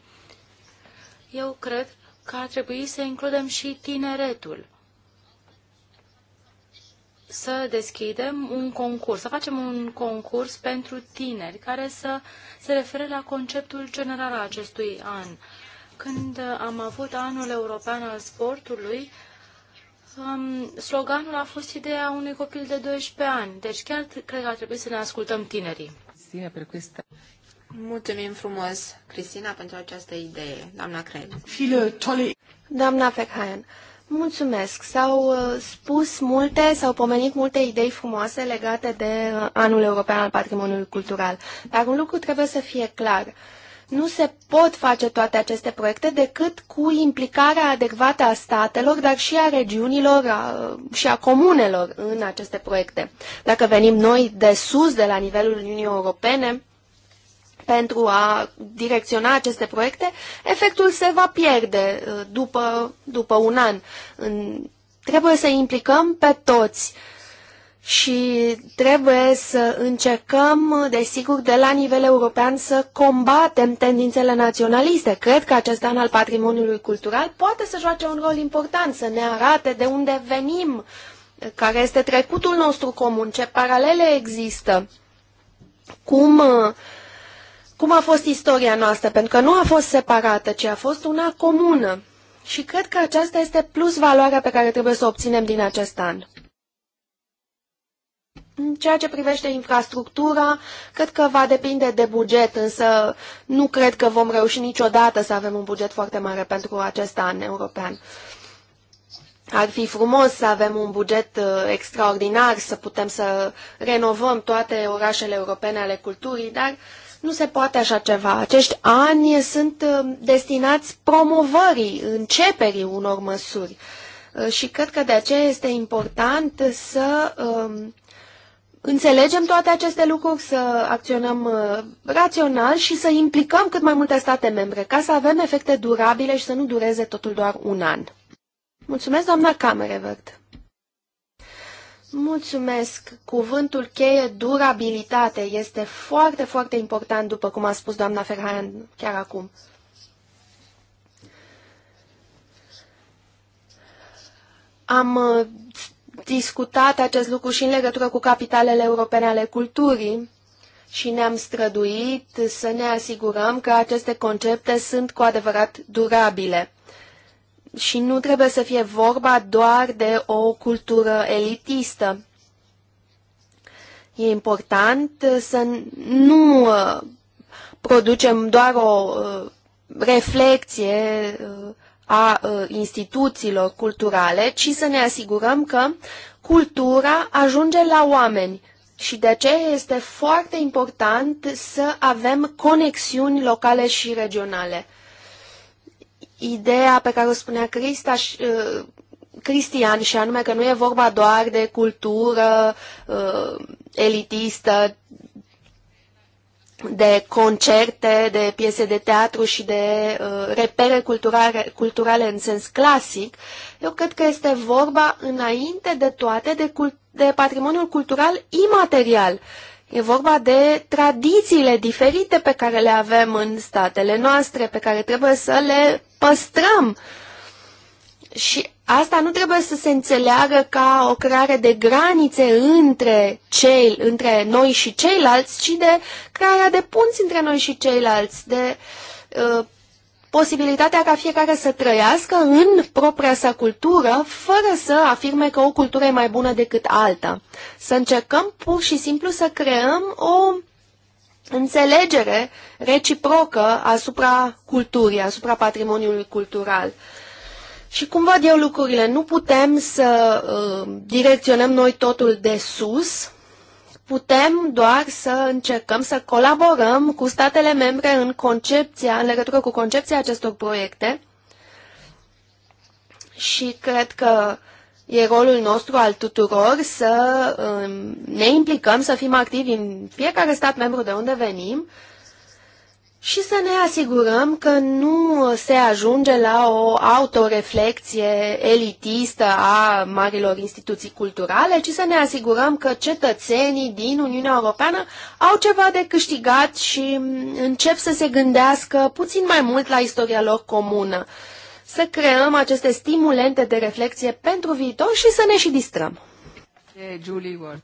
Eu cred că ar trebui să includem și tineretul. Să deschidem un concurs, să facem un concurs pentru tineri care să se refere la conceptul general al acestui an când am avut anul european al sportului, sloganul a fost ideea unui copil de 12 ani. Deci chiar cred că ar trebui să ne ascultăm tinerii. Cristina, per questa... Mulțumim frumos, Cristina, pentru această idee, doamna Crel. Doamna Fekhaian, mulțumesc. S-au uh, spus multe, s-au pomenit multe idei frumoase legate de uh, anul european al patrimoniului cultural. Dar un lucru trebuie să fie clar. Uh, nu se pot face toate aceste proiecte decât cu implicarea adecvată a statelor, dar și a regiunilor a, și a comunelor în aceste proiecte. Dacă venim noi de sus, de la nivelul Uniunii Europene, pentru a direcționa aceste proiecte, efectul se va pierde după, după un an. În, trebuie să implicăm pe toți și trebuie să încercăm, desigur, de la nivel european să combatem tendințele naționaliste. Cred că acest an al patrimoniului cultural poate să joace un rol important, să ne arate de unde venim, care este trecutul nostru comun, ce paralele există, cum, cum a fost istoria noastră, pentru că nu a fost separată, ci a fost una comună. Și cred că aceasta este plus valoarea pe care trebuie să o obținem din acest an. În ceea ce privește infrastructura, cred că va depinde de buget, însă nu cred că vom reuși niciodată să avem un buget foarte mare pentru acest an european. Ar fi frumos să avem un buget uh, extraordinar, să putem să renovăm toate orașele europene ale culturii, dar nu se poate așa ceva. Acești ani sunt uh, destinați promovării, începerii unor măsuri. Uh, și cred că de aceea este important să um, înțelegem toate aceste lucruri, să acționăm uh, rațional și să implicăm cât mai multe state membre, ca să avem efecte durabile și să nu dureze totul doar un an. Mulțumesc, doamna Camerevert. Mulțumesc. Cuvântul cheie durabilitate este foarte, foarte important, după cum a spus doamna Ferhan chiar acum. Am uh, discutat acest lucru și în legătură cu capitalele europene ale culturii și ne-am străduit să ne asigurăm că aceste concepte sunt cu adevărat durabile. Și nu trebuie să fie vorba doar de o cultură elitistă. E important să nu uh, producem doar o uh, reflecție uh, a uh, instituțiilor culturale, ci să ne asigurăm că cultura ajunge la oameni. Și de aceea este foarte important să avem conexiuni locale și regionale. Ideea pe care o spunea uh, Cristian, și anume că nu e vorba doar de cultură uh, elitistă, de concerte, de piese de teatru și de uh, repere culturale, culturale în sens clasic, eu cred că este vorba înainte de toate de, cult- de patrimoniul cultural imaterial. E vorba de tradițiile diferite pe care le avem în statele noastre, pe care trebuie să le păstrăm. Uh, și asta nu trebuie să se înțeleagă ca o creare de granițe între, cei, între noi și ceilalți, ci de crearea de punți între noi și ceilalți, de uh, posibilitatea ca fiecare să trăiască în propria sa cultură, fără să afirme că o cultură e mai bună decât alta. Să încercăm pur și simplu să creăm o înțelegere reciprocă asupra culturii, asupra patrimoniului cultural. Și cum văd eu lucrurile, nu putem să uh, direcționăm noi totul de sus, putem doar să încercăm să colaborăm cu statele membre în concepția, în legătură cu concepția acestor proiecte și cred că e rolul nostru al tuturor să uh, ne implicăm, să fim activi în fiecare stat membru de unde venim și să ne asigurăm că nu se ajunge la o autoreflecție elitistă a marilor instituții culturale, ci să ne asigurăm că cetățenii din Uniunea Europeană au ceva de câștigat și încep să se gândească puțin mai mult la istoria lor comună. Să creăm aceste stimulente de reflexie pentru viitor și să ne și distrăm. Julie Ward.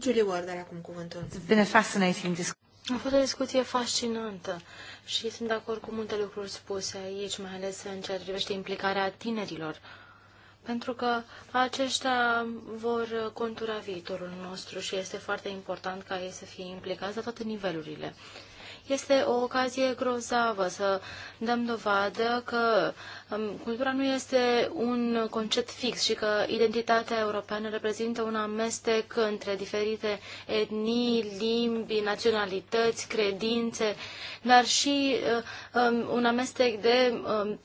Julie Ward are acum cuvântul. It's been a fascinating discussion. A fost o discuție fascinantă și sunt de acord cu multe lucruri spuse aici, mai ales în ceea ce privește implicarea tinerilor, pentru că aceștia vor contura viitorul nostru și este foarte important ca ei să fie implicați la toate nivelurile. Este o ocazie grozavă să dăm dovadă că um, cultura nu este un concept fix și că identitatea europeană reprezintă un amestec între diferite etnii, limbi, naționalități, credințe, dar și uh, um, un amestec de um,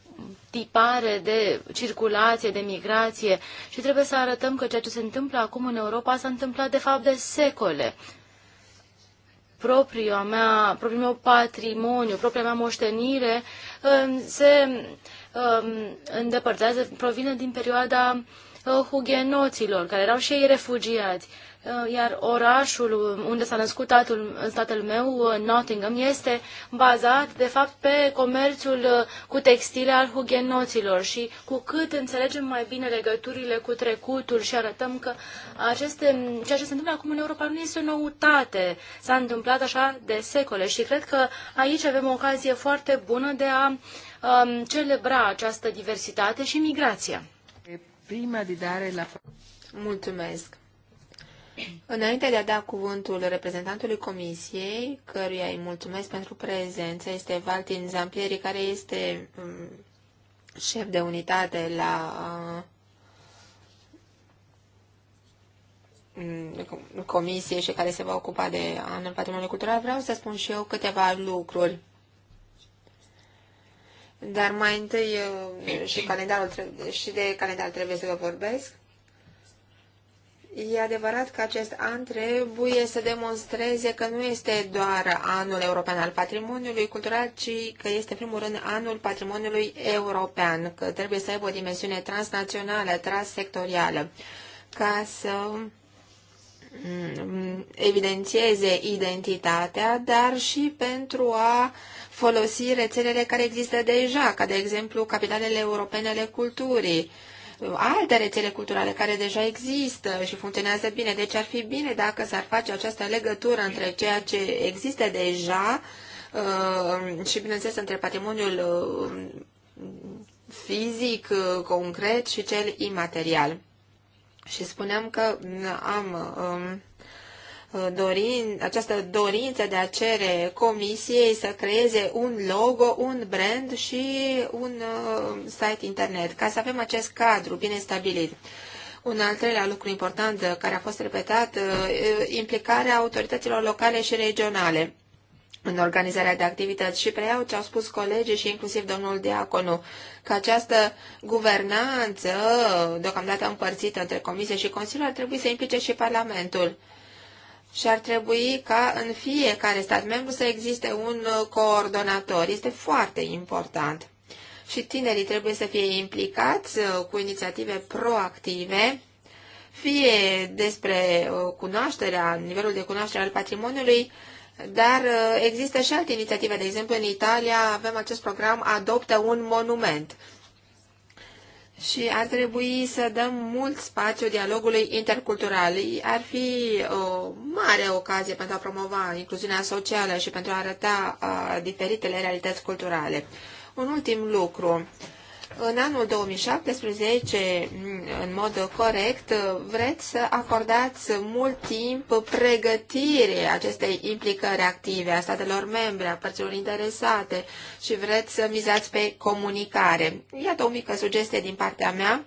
tipare, de circulație, de migrație și trebuie să arătăm că ceea ce se întâmplă acum în Europa s-a întâmplat de fapt de secole propria mea, propriul meu patrimoniu, propria mea moștenire um, se um, îndepărtează, provine din perioada uh, hugenoților, care erau și ei refugiați. Uh, iar orașul unde s-a născut tatul, în uh, statul meu, uh, Nottingham, este bazat, de fapt, pe comerțul cu textile al hugenoților și cu cât înțelegem mai bine legăturile cu trecutul și arătăm că aceste, ceea ce se întâmplă acum în Europa nu este o noutate, s-a întâmplat așa de secole și cred că aici avem o ocazie foarte bună de a um, celebra această diversitate și migrația. Prima de dare la... Mulțumesc! Înainte de a da cuvântul reprezentantului comisiei, căruia îi mulțumesc pentru prezență, este Valtin Zampieri, care este um, șef de unitate la um, comisie și care se va ocupa de anul patrimoniului cultural, vreau să spun și eu câteva lucruri. Dar mai întâi uh, și, calendarul, și de calendar trebuie să vă vorbesc. E adevărat că acest an trebuie să demonstreze că nu este doar anul european al patrimoniului cultural, ci că este în primul rând anul patrimoniului european, că trebuie să aibă o dimensiune transnațională, transsectorială, ca să mm, evidențieze identitatea, dar și pentru a folosi rețelele care există deja, ca de exemplu capitalele europene ale culturii, alte rețele culturale care deja există și funcționează bine. Deci ar fi bine dacă s-ar face această legătură între ceea ce există deja uh, și, bineînțeles, între patrimoniul uh, fizic, uh, concret și cel imaterial. Și spuneam că am um, dorin, această dorință de a cere comisiei să creeze un logo, un brand și un uh, site internet, ca să avem acest cadru bine stabilit. Un al treilea lucru important care a fost repetat, uh, uh, implicarea autorităților locale și regionale în organizarea de activități și preiau ce au spus colegii și inclusiv domnul Diaconu, că această guvernanță, deocamdată împărțită între Comisie și Consiliu, ar trebui să implice și Parlamentul și ar trebui ca în fiecare stat membru să existe un uh, coordonator. Este foarte important. Și tinerii trebuie să fie implicați uh, cu inițiative proactive, fie despre uh, cunoașterea, nivelul de cunoaștere al patrimoniului, dar există și alte inițiative. De exemplu, în Italia avem acest program Adoptă un monument și ar trebui să dăm mult spațiu dialogului intercultural. Ar fi o uh, mare ocazie pentru a promova incluziunea socială și pentru a arăta a, uh, diferitele realități culturale. Un ultim lucru. În anul 2017, în mod corect, vreți să acordați mult timp pregătire acestei implicări active a statelor membre, a părților interesate și vreți să mizați pe comunicare. Iată o mică sugestie din partea mea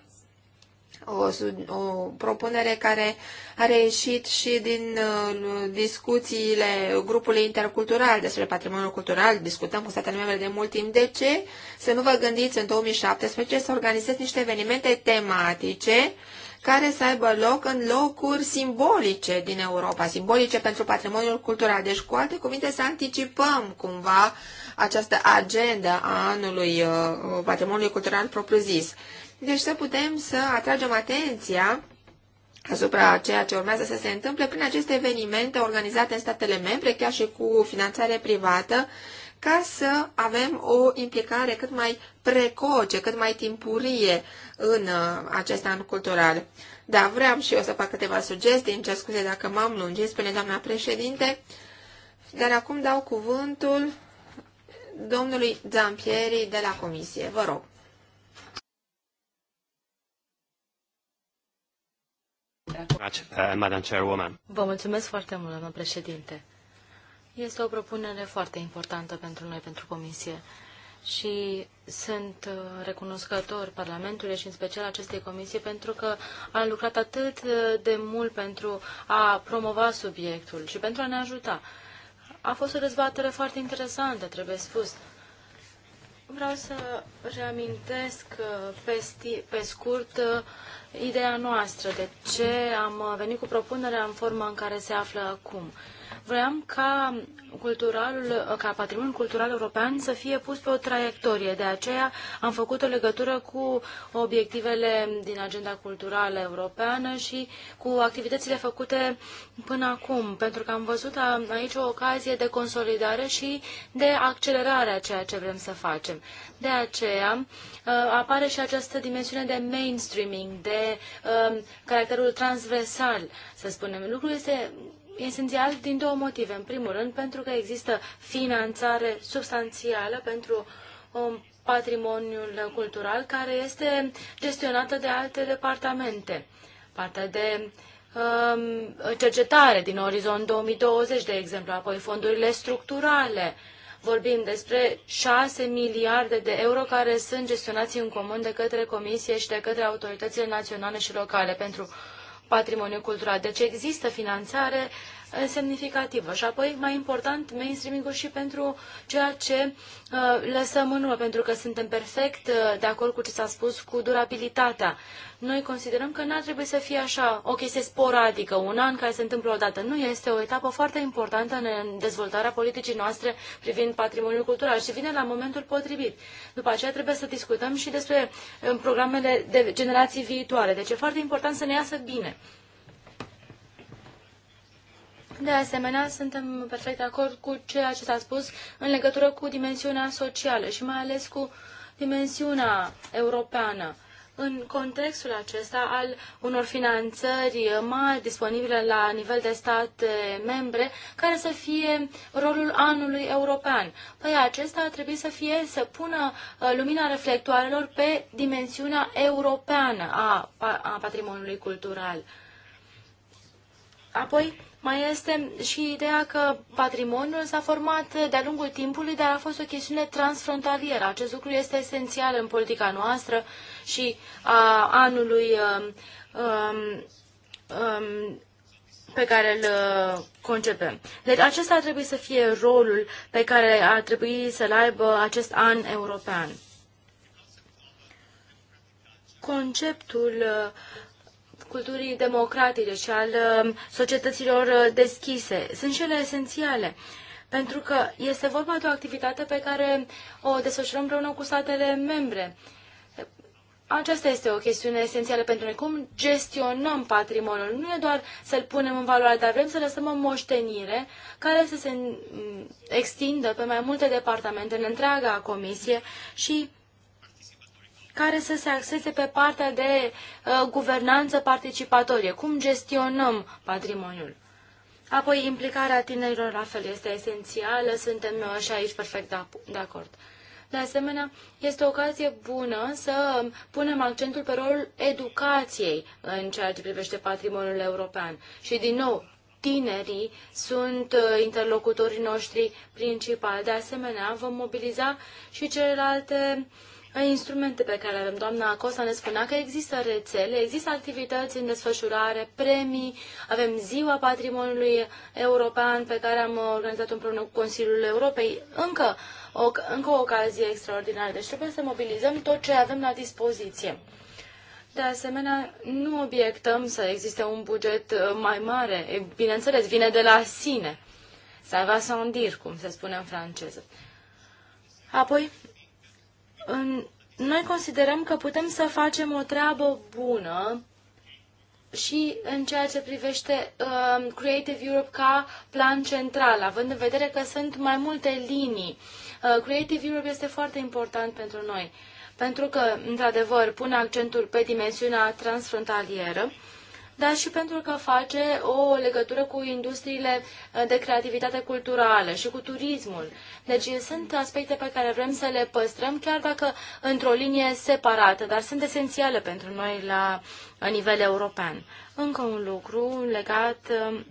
o, o propunere care a reieșit și din uh, discuțiile grupului intercultural despre patrimoniul cultural. Discutăm cu statele membre de mult timp. De ce să nu vă gândiți în 2017 să organizați niște evenimente tematice care să aibă loc în locuri simbolice din Europa, simbolice pentru patrimoniul cultural. Deci, cu alte cuvinte, să anticipăm cumva această agenda a anului uh, patrimoniului cultural propriu-zis. Deci să putem să atragem atenția asupra ceea ce urmează să se întâmple prin aceste evenimente organizate în statele membre, chiar și cu finanțare privată, ca să avem o implicare cât mai precoce, cât mai timpurie în uh, acest an cultural. Da, vreau și eu să fac câteva sugestii, în ce scuze dacă m-am lungit, spune doamna președinte, dar acum dau cuvântul domnului Zampieri de la Comisie. Vă rog. Vă mulțumesc foarte mult, doamnă președinte. Este o propunere foarte importantă pentru noi, pentru Comisie. Și sunt uh, recunoscător Parlamentului și în special acestei comisii pentru că a lucrat atât uh, de mult pentru a promova subiectul și pentru a ne ajuta. A fost o dezbatere foarte interesantă, trebuie spus. Vreau să reamintesc uh, pe, pe scurt ideea noastră, de ce am venit cu propunerea în forma în care se află acum. Vreau ca, culturalul, ca patrimoniul cultural european să fie pus pe o traiectorie. De aceea am făcut o legătură cu obiectivele din agenda culturală europeană și cu activitățile făcute până acum, pentru că am văzut aici o ocazie de consolidare și de accelerare a ceea ce vrem să facem. De aceea apare și această dimensiune de mainstreaming, de caracterul transversal, să spunem. Lucrul este esențial din două motive. În primul rând, pentru că există finanțare substanțială pentru um, patrimoniul cultural care este gestionată de alte departamente. Partea de um, cercetare din Orizont 2020, de exemplu, apoi fondurile structurale. Vorbim despre 6 miliarde de euro care sunt gestionați în comun de către Comisie și de către autoritățile naționale și locale pentru patrimoniul cultural. Deci există finanțare Eh, semnificativă. Și apoi, mai important, mainstreaming-ul și pentru ceea ce eh, lăsăm în urmă, pentru că suntem perfect eh, de acord cu ce s-a spus cu durabilitatea. Noi considerăm că n-ar trebui să fie așa o chestie sporadică, un an care se întâmplă odată. Nu este o etapă foarte importantă în dezvoltarea politicii noastre privind patrimoniul cultural și vine la momentul potrivit. După aceea trebuie să discutăm și despre programele de generații viitoare. Deci e foarte important să ne iasă bine. De asemenea, suntem perfect de acord cu ceea ce s-a spus în legătură cu dimensiunea socială și mai ales cu dimensiunea europeană. În contextul acesta al unor finanțări mari disponibile la nivel de state membre, care să fie rolul anului european. Păi acesta ar trebui să fie să pună uh, lumina reflectoarelor pe dimensiunea europeană a, a patrimoniului cultural. Apoi, mai este și ideea că patrimoniul s-a format de-a lungul timpului, dar a fost o chestiune transfrontalieră. Acest lucru este esențial în politica noastră și a anului um, um, um pe care îl uh, concepem. Deci acesta ar trebui să fie rolul pe care ar trebui să-l aibă acest an european. Conceptul uh, culturii democratice și al um, societăților uh, deschise. Sunt cele esențiale pentru că este vorba de o activitate pe care o desfășurăm împreună cu statele membre. Aceasta este o chestiune esențială pentru noi. Cum gestionăm patrimoniul? Nu e doar să-l punem în valoare, dar vrem să lăsăm o moștenire care să se mm, extindă pe mai multe departamente în întreaga comisie și care să se axeze pe partea de uh, guvernanță participatorie, cum gestionăm patrimoniul. Apoi, implicarea tinerilor la fel este esențială, suntem și aici perfect de acord. De asemenea, este o ocazie bună să punem accentul pe rolul educației în ceea ce privește patrimoniul european. Și, din nou, tinerii sunt uh, interlocutorii noștri principali. De asemenea, vom mobiliza și celelalte uh, instrumente pe care le avem. Doamna Acosta ne spunea că există rețele, există activități în desfășurare, premii, avem Ziua Patrimoniului European pe care am organizat împreună cu Consiliul Europei. Încă o, încă o ocazie extraordinară. Deci trebuie să mobilizăm tot ce avem la dispoziție. De asemenea, nu obiectăm să existe un buget mai mare. Bineînțeles, vine de la sine. Să va sans cum se spune în franceză. Apoi, noi considerăm că putem să facem o treabă bună și în ceea ce privește uh, Creative Europe ca plan central, având în vedere că sunt mai multe linii. Uh, Creative Europe este foarte important pentru noi, pentru că, într-adevăr, pune accentul pe dimensiunea transfrontalieră dar și pentru că face o legătură cu industriile uh, de creativitate culturală și cu turismul. Deci sunt aspecte pe care vrem să le păstrăm, chiar dacă într-o linie separată, dar sunt esențiale pentru noi la nivel european. Încă un lucru legat um,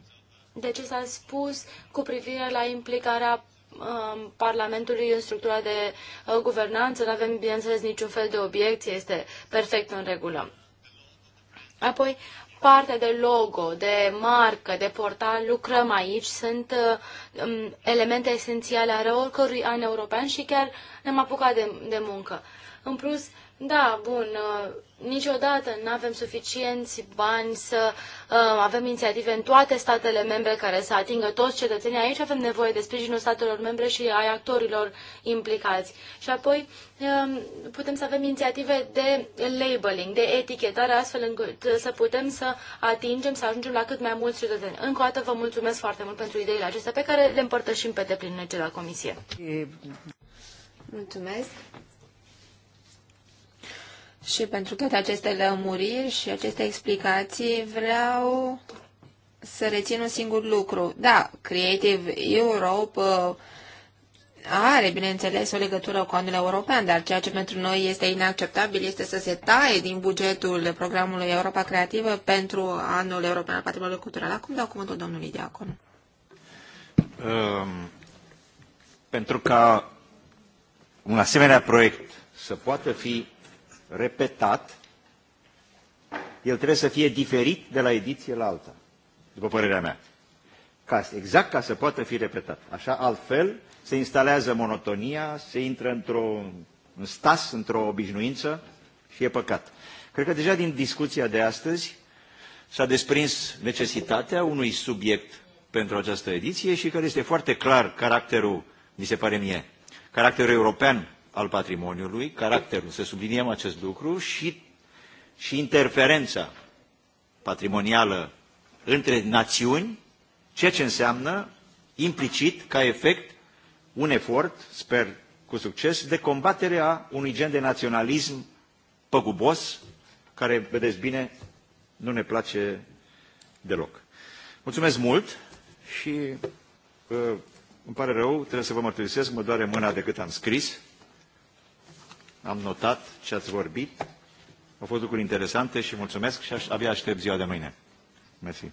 de ce s-a spus cu privire la implicarea um, Parlamentului în structura de uh, guvernanță, nu avem, bineînțeles, niciun fel de obiecție, este perfect în regulă. Apoi, parte de logo, de marcă, de portal, lucrăm aici, sunt uh, um, elemente esențiale ale oricărui an european și chiar ne-am apucat de, de muncă. În plus, da, bun, uh, niciodată nu avem suficienți bani să uh, avem inițiative în toate statele membre care să atingă toți cetățenii. Aici avem nevoie de sprijinul statelor membre și ai actorilor implicați. Și apoi um, putem să avem inițiative de labeling, de etichetare, astfel încât să putem să atingem, să ajungem la cât mai mulți cetățeni. Încă o dată vă mulțumesc foarte mult pentru ideile acestea pe care le împărtășim pe deplin în la Comisie. Mulțumesc și pentru toate aceste lămuriri și aceste explicații vreau să rețin un singur lucru. Da, Creative Europe uh, are, bineînțeles, o legătură cu anul european, dar ceea ce pentru noi este inacceptabil este să se taie din bugetul programului Europa Creativă pentru anul european al patrimoniului cultural. Acum dau cuvântul domnului Diacon. Um, pentru ca un asemenea proiect să poată fi repetat, el trebuie să fie diferit de la ediție la alta, după părerea mea. Ca, exact ca să poată fi repetat. Așa, altfel, se instalează monotonia, se intră într o în stas, într-o obișnuință și e păcat. Cred că deja din discuția de astăzi s-a desprins necesitatea unui subiect pentru această ediție și care este foarte clar caracterul, mi se pare mie, caracterul european al patrimoniului, caracterul, să subliniem acest lucru, și, și interferența patrimonială între națiuni, ceea ce înseamnă implicit, ca efect, un efort, sper cu succes, de combatere a unui gen de naționalism păgubos, care, vedeți bine, nu ne place deloc. Mulțumesc mult și uh, îmi pare rău, trebuie să vă mărturisesc, mă doare mâna de cât am scris am notat ce ați vorbit. Au fost lucruri interesante și mulțumesc și aș, abia aștept ziua de mâine. Mersi.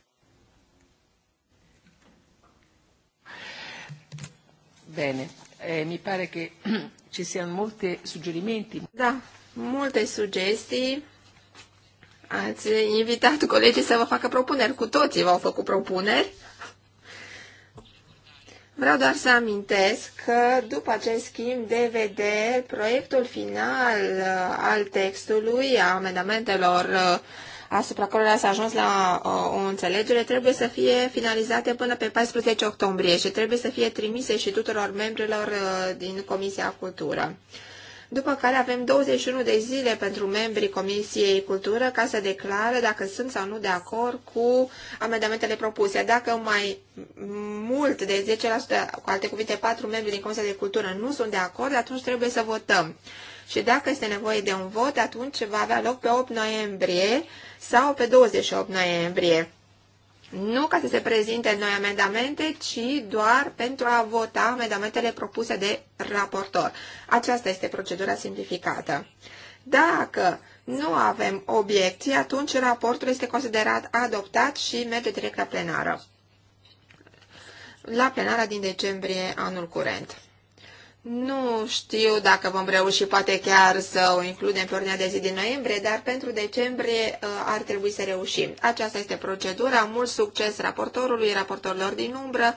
Bine. E, eh, mi pare că [clears throat] ci siano multe suggerimenti. Da, multe sugestii. Ați invitat colegii să vă facă propuneri. Cu toții v-au făcut propuneri. Vreau doar să amintesc că după acest schimb de vedere, proiectul final uh, al textului, a amendamentelor uh, asupra cărora s-a ajuns la o, uh, o înțelegere, trebuie să fie finalizate până pe 14 octombrie și trebuie să fie trimise și tuturor membrilor din Comisia Cultură după care avem 21 de zile pentru membrii Comisiei Cultură ca să declare dacă sunt sau nu de acord cu amendamentele propuse. Dacă mai mult de 10%, cu alte cuvinte, 4 membri din Comisia de Cultură nu sunt de acord, atunci trebuie să votăm. Și dacă este nevoie de un vot, atunci va avea loc pe 8 noiembrie sau pe 28 noiembrie nu ca să se prezinte noi amendamente, ci doar pentru a vota amendamentele propuse de raportor. Aceasta este procedura simplificată. Dacă nu avem obiecții, atunci raportul este considerat adoptat și merge direct la plenară. La plenara din decembrie anul curent. Nu știu dacă vom reuși poate chiar să o includem pe ordinea de zi din noiembrie, dar pentru decembrie uh, ar trebui să reușim. Aceasta este procedura. Mult succes raportorului, raportorilor din umbră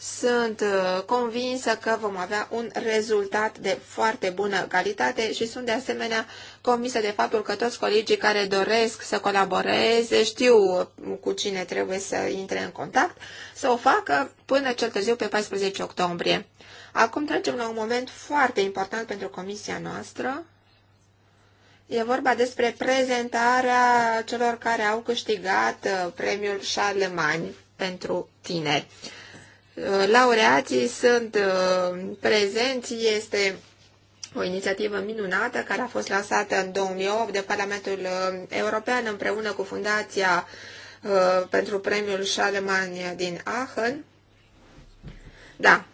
sunt uh, convinsă că vom avea un rezultat de foarte bună calitate și sunt de asemenea convinsă de faptul că toți colegii care doresc să colaboreze știu uh, cu cine trebuie să intre în contact, să o facă până cel târziu pe 14 octombrie. Acum trecem la un moment foarte important pentru comisia noastră. E vorba despre prezentarea celor care au câștigat uh, premiul Charlemagne pentru tineri. Uh, laureații sunt uh, prezenți, este o inițiativă minunată care a fost lansată în 2008 de Parlamentul uh, European împreună cu Fundația pentru Premiul Charlemagne din Aachen. Da,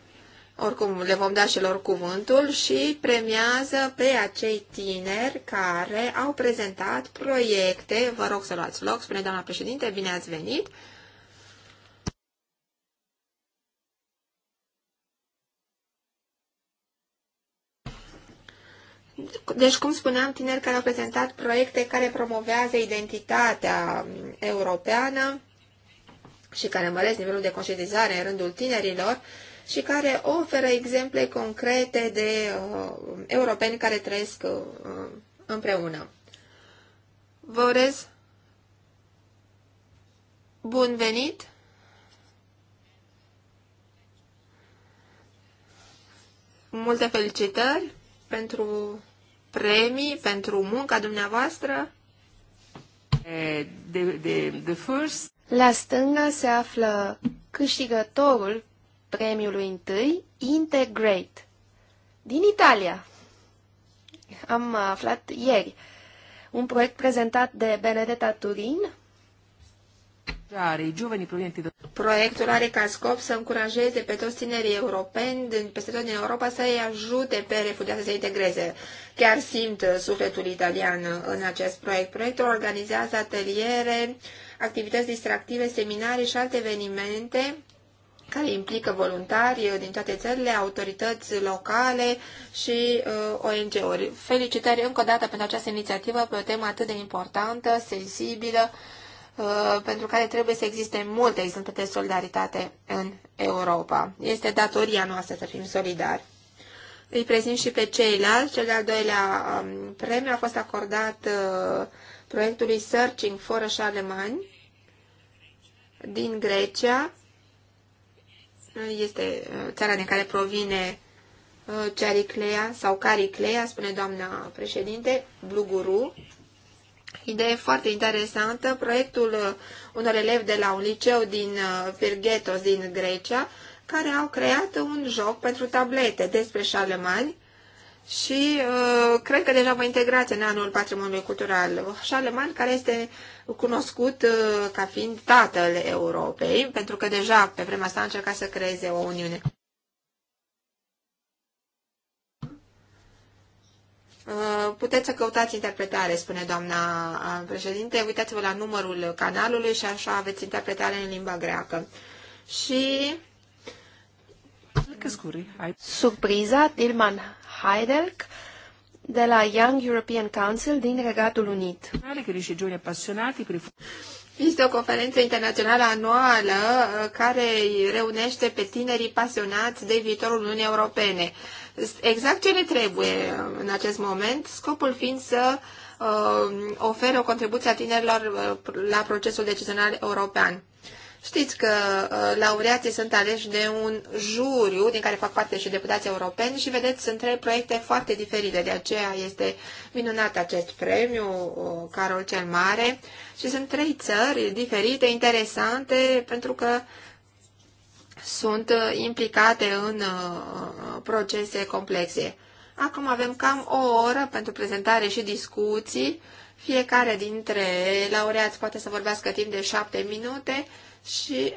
oricum le vom da și lor cuvântul și premiază pe acei tineri care au prezentat proiecte. Vă rog să luați loc, spune doamna președinte, bine ați venit! Deci, cum spuneam, tineri care au prezentat proiecte care promovează identitatea europeană și care măresc nivelul de conștientizare în rândul tinerilor și care oferă exemple concrete de uh, europeni care trăiesc uh, împreună. Vă urez bun venit! Multe felicitări! pentru premii, pentru munca dumneavoastră? The, eh, the, the first... La stânga se află câștigătorul premiului întâi, Integrate, din Italia. Am aflat ieri un proiect prezentat de Benedetta Turin, Proiectul are ca scop să încurajeze pe toți tinerii europeni din peste tot din Europa să îi ajute pe refugiați să se integreze. Chiar simt sufletul italian în acest proiect. Proiectul organizează ateliere, activități distractive, seminarii și alte evenimente care implică voluntari din toate țările, autorități locale și uh, ONG-uri. Felicitări încă o dată pentru această inițiativă pe o temă atât de importantă, sensibilă, Uh, pentru care trebuie să existe multe exemple de solidaritate în Europa. Este datoria noastră să fim solidari. Îi prezint și pe ceilalți. Cel de-al doilea um, premiu a fost acordat uh, proiectului Searching for a Charlemagne din Grecia. Este uh, țara din care provine Cariclea sau Cariclea, spune doamna președinte, Bluguru idee foarte interesantă, proiectul uh, unor elevi de la un liceu din Pirghetos uh, din Grecia, care au creat un joc pentru tablete despre Șalemani și uh, cred că deja vă integrați în anul patrimoniului cultural. Șaleman, care este cunoscut uh, ca fiind tatăl Europei, pentru că deja pe vremea asta a încercat să creeze o uniune. Uh, puteți să căutați interpretare, spune doamna uh, președinte. Uitați-vă la numărul canalului și așa aveți interpretare în limba greacă. Și... Surpriza Dilman Heidelk de la Young European Council din Regatul Unit. Este o conferință internațională anuală uh, care reunește pe tinerii pasionați de viitorul Uniunii Europene. Exact ce ne trebuie uh, în acest moment, scopul fiind să uh, ofere o contribuție a tinerilor uh, la procesul decizional european. Știți că uh, laureații sunt aleși de un juriu din care fac parte și deputații europeni și vedeți, sunt trei proiecte foarte diferite. De aceea este minunat acest premiu, uh, Carol cel Mare. Și sunt trei țări diferite, interesante, pentru că sunt uh, implicate în procese complexe. Acum avem cam o oră pentru prezentare și discuții. Fiecare dintre laureați poate să vorbească timp de șapte minute și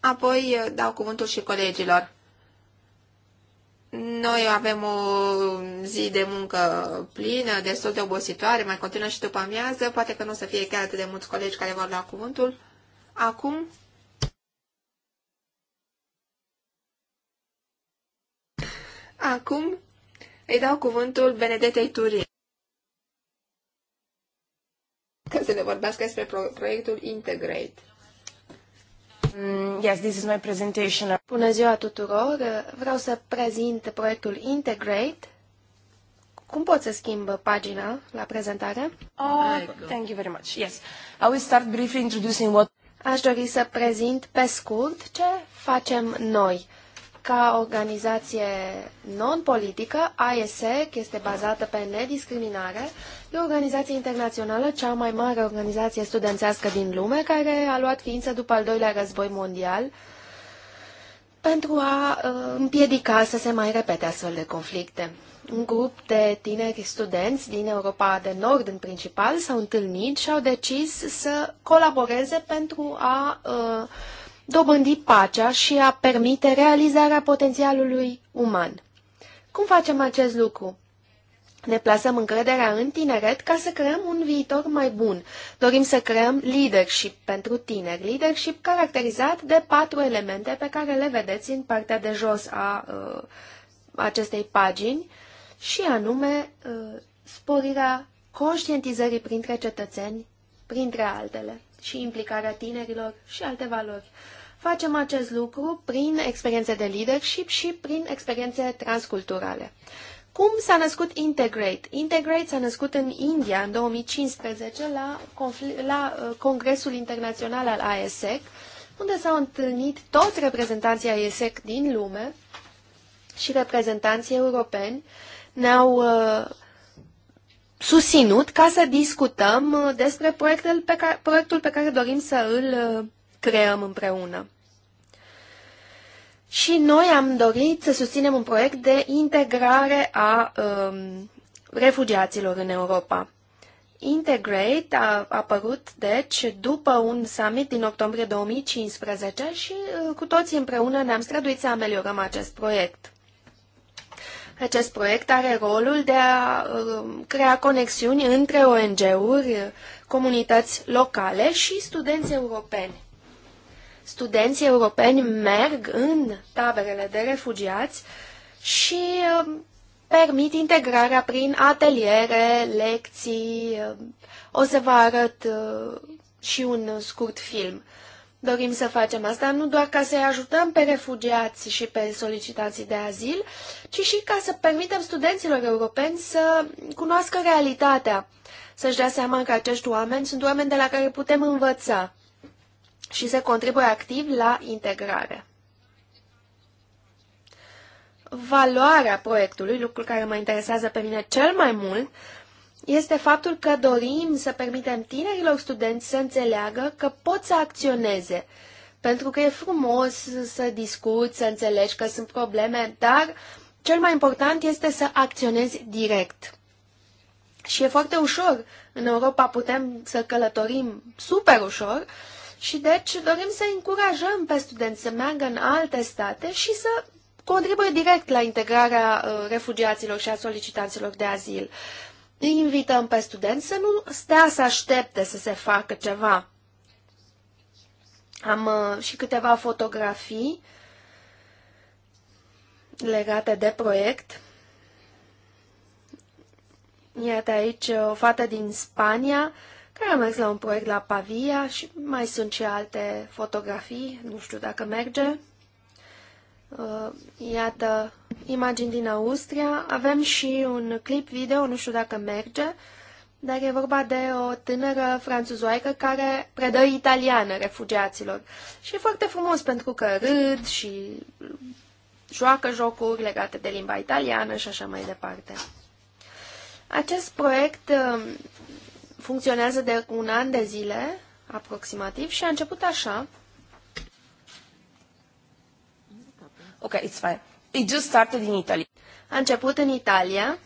apoi uh, dau cuvântul și colegilor. Noi avem o zi de muncă plină, destul de obositoare, mai continuă și după amiază, poate că nu o să fie chiar atât de mulți colegi care vor lua cuvântul. Acum Acum îi dau cuvântul Benedetei Turin când [laughs] să ne vorbească despre pro- proiectul Integrate. Mm, yes, this is my presentation. Bună ziua tuturor! Vreau să prezint proiectul Integrate. Cum pot să schimb pagina la prezentare? Oh, thank you very much. Yes. I will start briefly introducing what... Aș dori să prezint pe scurt ce facem noi. Ca organizație non-politică, ISEC este bazată pe nediscriminare de o organizație internațională, cea mai mare organizație studențească din lume, care a luat ființă după al doilea război mondial pentru a uh, împiedica să se mai repete astfel de conflicte. Un grup de tineri studenți din Europa de Nord în principal s-au întâlnit și au decis să colaboreze pentru a uh, dobândi pacea și a permite realizarea potențialului uman. Cum facem acest lucru? ne plasăm încrederea în tineret ca să creăm un viitor mai bun. Dorim să creăm leadership pentru tineri, leadership caracterizat de patru elemente pe care le vedeți în partea de jos a uh, acestei pagini și anume uh, sporirea conștientizării printre cetățeni, printre altele, și implicarea tinerilor și alte valori. Facem acest lucru prin experiențe de leadership și prin experiențe transculturale. Uh, cum s-a născut Integrate? Integrate s-a născut în India în 2015 la, la uh, Congresul Internațional al ASEC, unde s-au întâlnit toți reprezentanții ASEC din lume și reprezentanții europeni ne-au uh, susținut ca să discutăm uh, despre proiectul pe care, proiectul pe care dorim să îl uh, creăm împreună. Și noi am dorit să susținem un proiect de integrare a um, refugiaților în Europa. Integrate a apărut, deci, după un summit din octombrie 2015 și uh, cu toții împreună ne-am străduit să ameliorăm acest proiect. Acest proiect are rolul de a um, crea conexiuni între ONG-uri, comunități locale și studenți europeni studenții europeni merg în taberele de refugiați și uh, permit integrarea prin ateliere, lecții. Uh, o să vă arăt uh, și un scurt film. Dorim să facem asta nu doar ca să-i ajutăm pe refugiați și pe solicitanții de azil, ci și ca să permitem studenților europeni să cunoască realitatea, să-și dea seama că acești oameni sunt oameni de la care putem învăța și se contribuie activ la integrare. Valoarea proiectului, lucrul care mă interesează pe mine cel mai mult, este faptul că dorim să permitem tinerilor studenți să înțeleagă că pot să acționeze. Pentru că e frumos să discuți, să înțelegi că sunt probleme, dar cel mai important este să acționezi direct. Și e foarte ușor. În Europa putem să călătorim super ușor, uh, și deci dorim să încurajăm pe studenți să meargă în alte state și să contribuie direct la integrarea uh, refugiaților și a solicitanților de azil. Îi invităm pe studenți să nu stea să aștepte să se facă ceva. Am uh, și câteva fotografii legate de proiect. Iată aici o fată din Spania care am mers la un proiect la Pavia și mai sunt și alte fotografii, nu știu dacă merge. Uh, iată imagini din Austria. Avem și un clip video, nu știu dacă merge, dar e vorba de o tânără franțuzoaică care predă italiană refugiaților. Și e foarte frumos pentru că râd și joacă jocuri legate de limba italiană și așa mai departe. Acest proiect um, funcționează de un an de zile, aproximativ, și a început așa. Ok, it's fine. It just started in Italy. A început în Italia.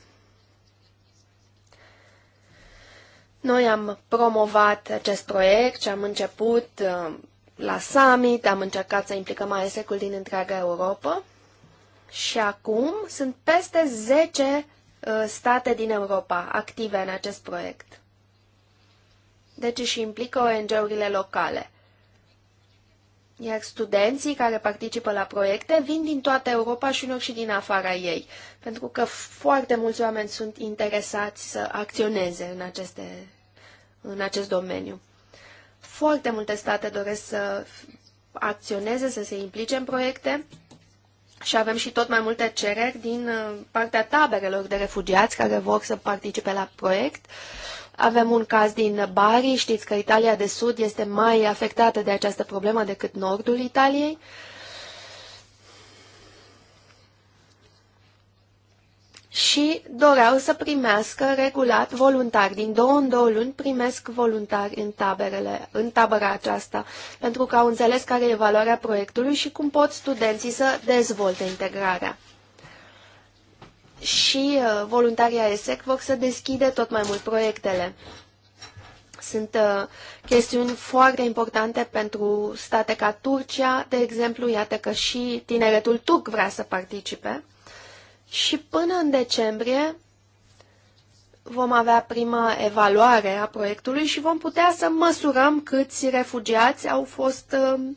Noi am promovat acest proiect și am început uh, la summit, am încercat să implicăm ASEC-ul din întreaga Europa și acum sunt peste 10 uh, state din Europa active în acest proiect deci își implică ONG-urile locale. Iar studenții care participă la proiecte vin din toată Europa și unor și din afara ei, pentru că foarte mulți oameni sunt interesați să acționeze în, aceste, în acest domeniu. Foarte multe state doresc să acționeze, să se implice în proiecte și avem și tot mai multe cereri din uh, partea taberelor de refugiați care vor să participe la proiect avem un caz din Bari, știți că Italia de Sud este mai afectată de această problemă decât nordul Italiei. și doreau să primească regulat voluntari. Din două în două luni primesc voluntari în, taberele, în tabăra aceasta, pentru că au înțeles care e valoarea proiectului și cum pot studenții să dezvolte integrarea și uh, voluntarii ESEC vor să deschide tot mai mult proiectele. Sunt uh, chestiuni foarte importante pentru state ca Turcia, de exemplu, iată că și tineretul turc vrea să participe. Și până în decembrie vom avea prima evaluare a proiectului și vom putea să măsurăm câți refugiați au fost um,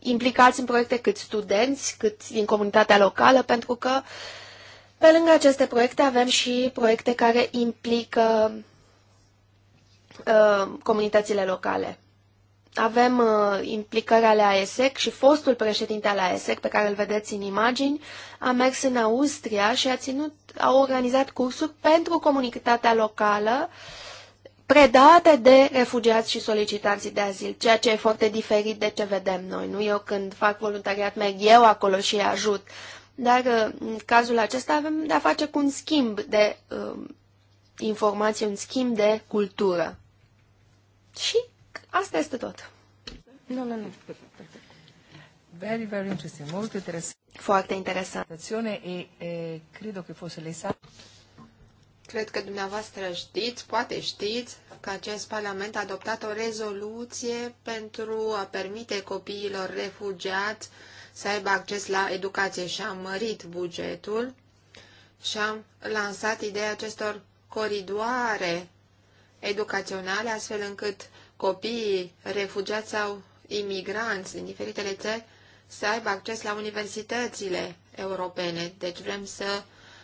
implicați în proiecte, câți studenți, câți din comunitatea locală, pentru că uh, pe lângă aceste proiecte avem și proiecte care implică uh, comunitățile locale. Avem uh, implicări ale AESEC și fostul președinte al AESEC, pe care îl vedeți în imagini, a mers în Austria și a, ținut, a organizat cursuri pentru comunitatea locală predate de refugiați și solicitanții de azil, ceea ce e foarte diferit de ce vedem noi. Nu eu când fac voluntariat merg eu acolo și ajut, dar uh, în cazul acesta avem de-a face cu un schimb de uh, informație, un schimb de cultură. Și asta este tot. Nu, nu, nu. Very, very interesting. Molto interesant. Foarte interesant. E, e, credo che fosse lei sa... Cred că dumneavoastră știți, poate știți, că acest parlament a adoptat o rezoluție pentru a permite copiilor refugiați să aibă acces la educație și am mărit bugetul și am lansat ideea acestor coridoare educaționale, astfel încât copiii refugiați sau imigranți din diferitele țări să aibă acces la universitățile europene. Deci vrem să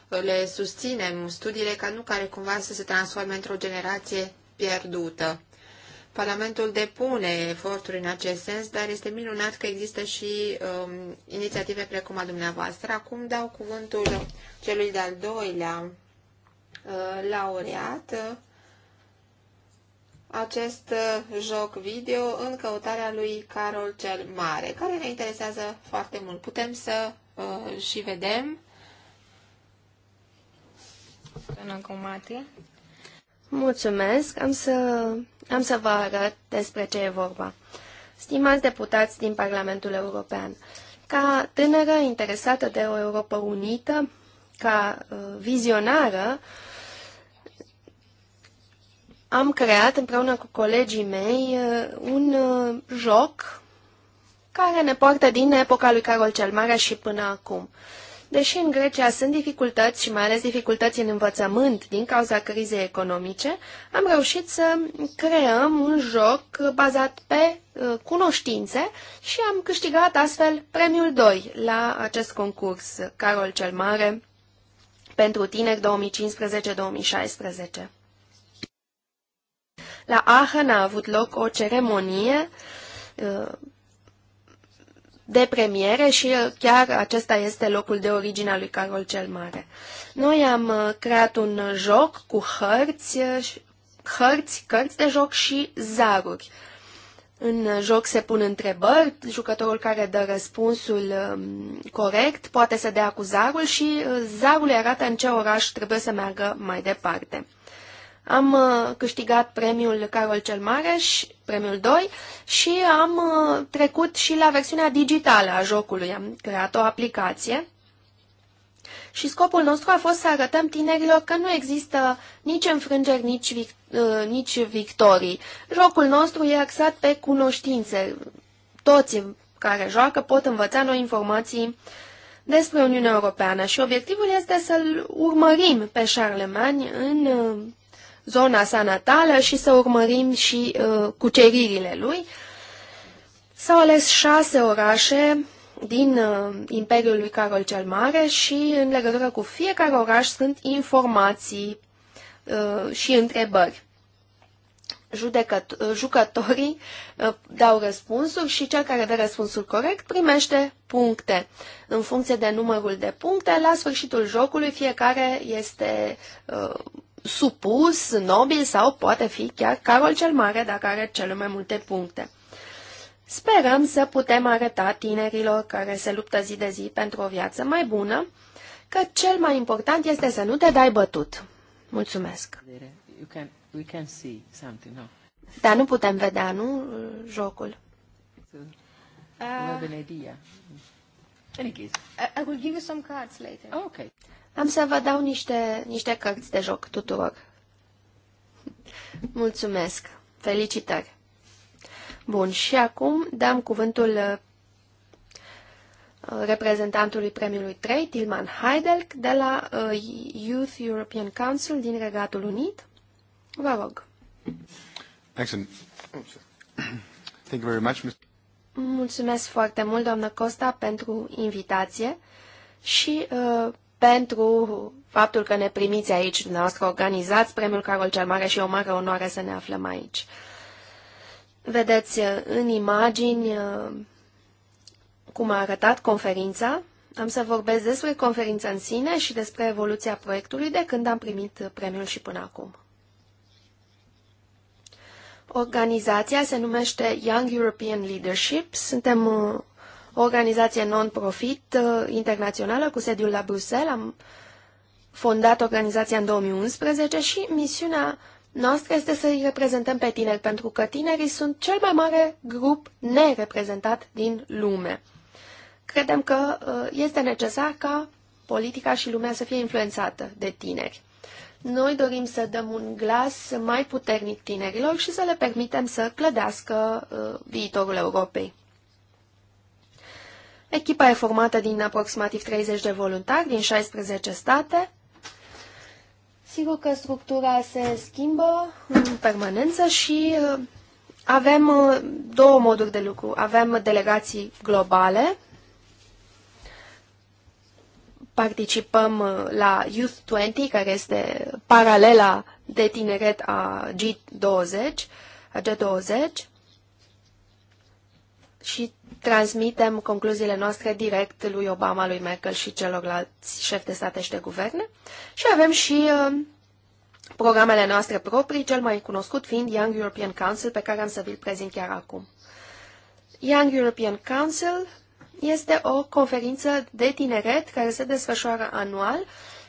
le susținem studiile ca nu care cumva să se transforme într-o generație pierdută. Parlamentul depune eforturi în acest sens, dar este minunat că există și um, inițiative precum a dumneavoastră. Acum dau cuvântul celui de-al doilea uh, laureat. Uh, acest uh, joc video în căutarea lui Carol cel Mare, care ne interesează foarte mult. Putem să uh, și vedem. Până acum, Mulțumesc, am să, am să vă arăt despre ce e vorba. Stimați deputați din Parlamentul European, ca tânără interesată de o Europa unită, ca uh, vizionară, am creat împreună cu colegii mei uh, un uh, joc care ne poartă din epoca lui Carol cel Mare și până acum. Uh, Deși în Grecia sunt dificultăți și mai ales dificultăți în învățământ din cauza crizei economice, am reușit să creăm un joc bazat pe uh, cunoștințe și am câștigat astfel premiul 2 la acest concurs Carol cel Mare pentru tineri 2015-2016. La Aachen a avut loc o ceremonie uh, de premiere și uh, chiar acesta este locul de origine al lui Carol cel Mare. Noi am uh, creat un uh, joc cu hărți, hărți, cărți de joc și zaruri. În joc se pun întrebări, jucătorul care dă răspunsul um, corect poate să dea cu zarul și zarul arată în ce oraș trebuie să meargă mai departe. Am uh, câștigat premiul Carol cel Mare, și premiul 2, și am uh, trecut și la versiunea digitală a jocului. Am creat o aplicație și scopul nostru a fost să arătăm tinerilor că nu există nici înfrângeri, nici, vic- uh, nici victorii. Jocul nostru e axat pe cunoștințe. Toți care joacă pot învăța noi informații despre Uniunea Europeană și obiectivul este să-l urmărim pe Charlemagne în zona sa natală și să urmărim și uh, cuceririle lui. S-au ales șase orașe din uh, Imperiul lui Carol cel Mare și în legătură cu fiecare oraș sunt informații uh, și întrebări. Judecăt, uh, jucătorii uh, dau răspunsuri și cel care dă răspunsul corect primește puncte. În funcție de numărul de puncte, la sfârșitul jocului fiecare este uh, supus, nobil sau poate fi chiar Carol cel Mare dacă are cele mai multe puncte. Sperăm să putem arăta tinerilor care se luptă zi de zi pentru o viață mai bună că cel mai important este să nu te dai bătut. Mulțumesc! You can, we can see something, no? Dar nu putem vedea, nu, jocul. Uh, I will give you some cards later. Ah, okay. Am să vă dau niște, niște cărți de joc tuturor. Mulțumesc! Felicitări! Bun, și acum dăm cuvântul uh, reprezentantului premiului 3, Tilman Heidelk, de la uh, Youth European Council din Regatul Unit. Vă rog. Excellent. Thank you very much, Mr. Mulțumesc foarte mult, doamnă Costa, pentru invitație și uh, pentru faptul că ne primiți aici, dumneavoastră organizați Premiul Carol cel Mare și e o mare onoare să ne aflăm aici. Vedeți uh, în imagini uh, cum a arătat conferința. Am să vorbesc despre conferința în sine și despre evoluția proiectului de când am primit premiul și până acum. Organizația se numește Young European Leadership. Suntem uh, organizație non-profit uh, internațională cu sediul la Bruxelles. Am fondat organizația în 2011 și misiunea noastră este să îi reprezentăm pe tineri, pentru că tinerii sunt cel mai mare grup nereprezentat din lume. Credem că uh, este necesar ca politica și lumea să fie influențată de tineri. Noi dorim să dăm un glas mai puternic tinerilor și să le permitem să clădească uh, viitorul Europei. Echipa e formată din aproximativ 30 de voluntari din 16 state. Sigur că structura se schimbă în permanență și uh, avem uh, două moduri de lucru. Avem delegații globale, participăm uh, la Youth 20, care este paralela de tineret a G20, a G20, și transmitem concluziile noastre direct lui Obama, lui Merkel și celorlalți șefi de state și de guverne. Și avem și uh, programele noastre proprii, cel mai cunoscut fiind Young European Council, pe care am să vi-l prezint chiar acum. Young European Council este o conferință de tineret care se desfășoară anual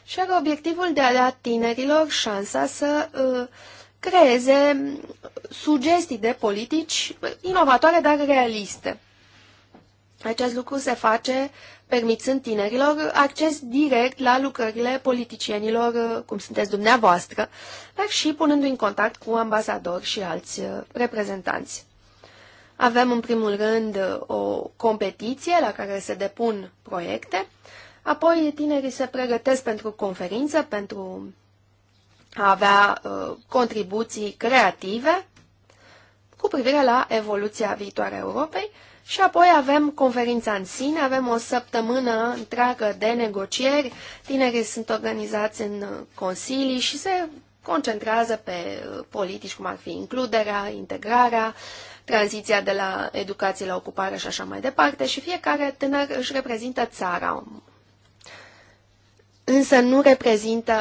și are obiectivul de a da tinerilor șansa să uh, creeze sugestii de politici inovatoare, dar realiste. Acest lucru se face permițând tinerilor acces direct la lucrările politicienilor, cum sunteți dumneavoastră, dar și punându-i în contact cu ambasadori și alți uh, reprezentanți. Avem în primul rând uh, o competiție la care se depun proiecte, apoi tinerii se pregătesc pentru conferință, pentru a avea uh, contribuții creative cu privire la evoluția viitoare a Europei și apoi avem conferința în sine, avem o săptămână întreagă de negocieri, tinerii sunt organizați în uh, consilii și se concentrează pe uh, politici, cum ar fi includerea, integrarea, tranziția de la educație la ocupare și așa mai departe și fiecare tânăr își reprezintă țara, însă nu reprezintă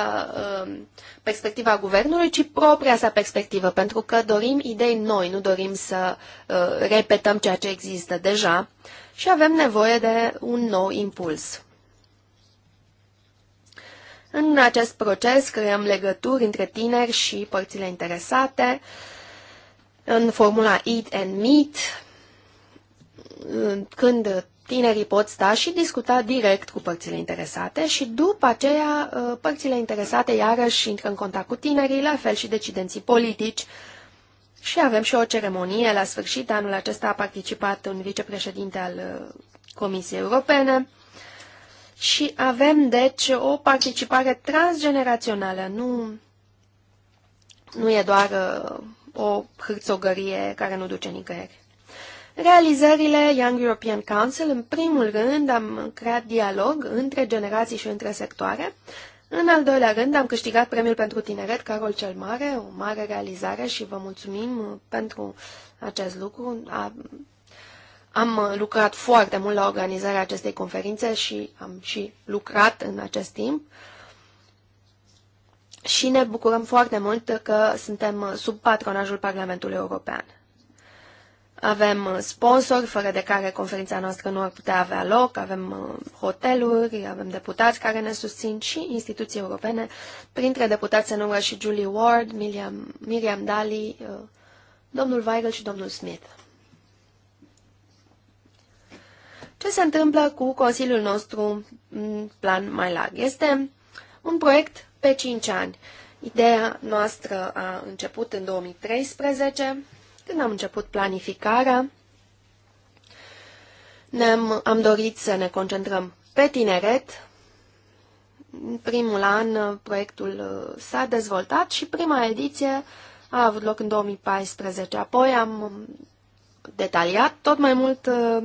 uh, perspectiva guvernului, ci propria sa perspectivă, pentru că dorim idei noi, nu dorim să uh, repetăm ceea ce există deja și avem nevoie de un nou impuls. În acest proces creăm legături între tineri și părțile interesate în formula Eat and Meet, uh, când tinerii pot sta și discuta direct cu părțile interesate și după aceea uh, părțile interesate iarăși intră în contact cu tinerii, la fel și decidenții politici. Și avem și o ceremonie. La sfârșit anul acesta a participat un vicepreședinte al uh, Comisiei Europene. Și avem, deci, o participare transgenerațională. Nu, nu e doar uh, o hârțogărie care nu duce nicăieri. Realizările Young European Council, în primul rând, am creat dialog între generații și între sectoare. În al doilea rând, am câștigat premiul pentru tineret Carol cel Mare, o mare realizare și vă mulțumim pentru acest lucru. Am lucrat foarte mult la organizarea acestei conferințe și am și lucrat în acest timp. Și ne bucurăm foarte mult că suntem sub patronajul Parlamentului European. Avem uh, sponsori fără de care conferința noastră nu ar putea avea loc, avem uh, hoteluri, avem deputați care ne susțin și instituții europene. Printre deputați se numără și Julie Ward, Miriam, Miriam Daly, uh, domnul Weigel și domnul Smith. Ce se întâmplă cu Consiliul nostru în plan mai larg? Este un proiect pe 5 ani. Ideea noastră a început în 2013 când am început planificarea, ne-am am dorit să ne concentrăm pe tineret. În primul an proiectul uh, s-a dezvoltat și prima ediție a avut loc în 2014. Apoi am um, detaliat tot mai mult uh,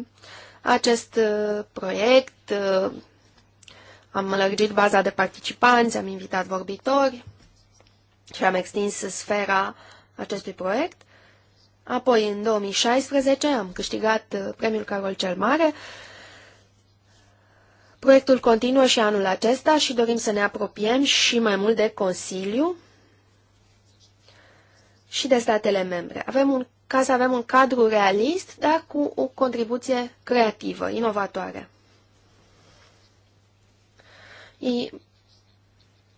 acest uh, proiect, am lărgit baza de participanți, am invitat vorbitori și am extins sfera acestui proiect Apoi, în 2016, am câștigat uh, premiul Carol cel Mare. Proiectul continuă și anul acesta și dorim să ne apropiem și mai mult de Consiliu și de statele membre. Avem un, ca să avem un cadru realist, dar cu o contribuție creativă, inovatoare.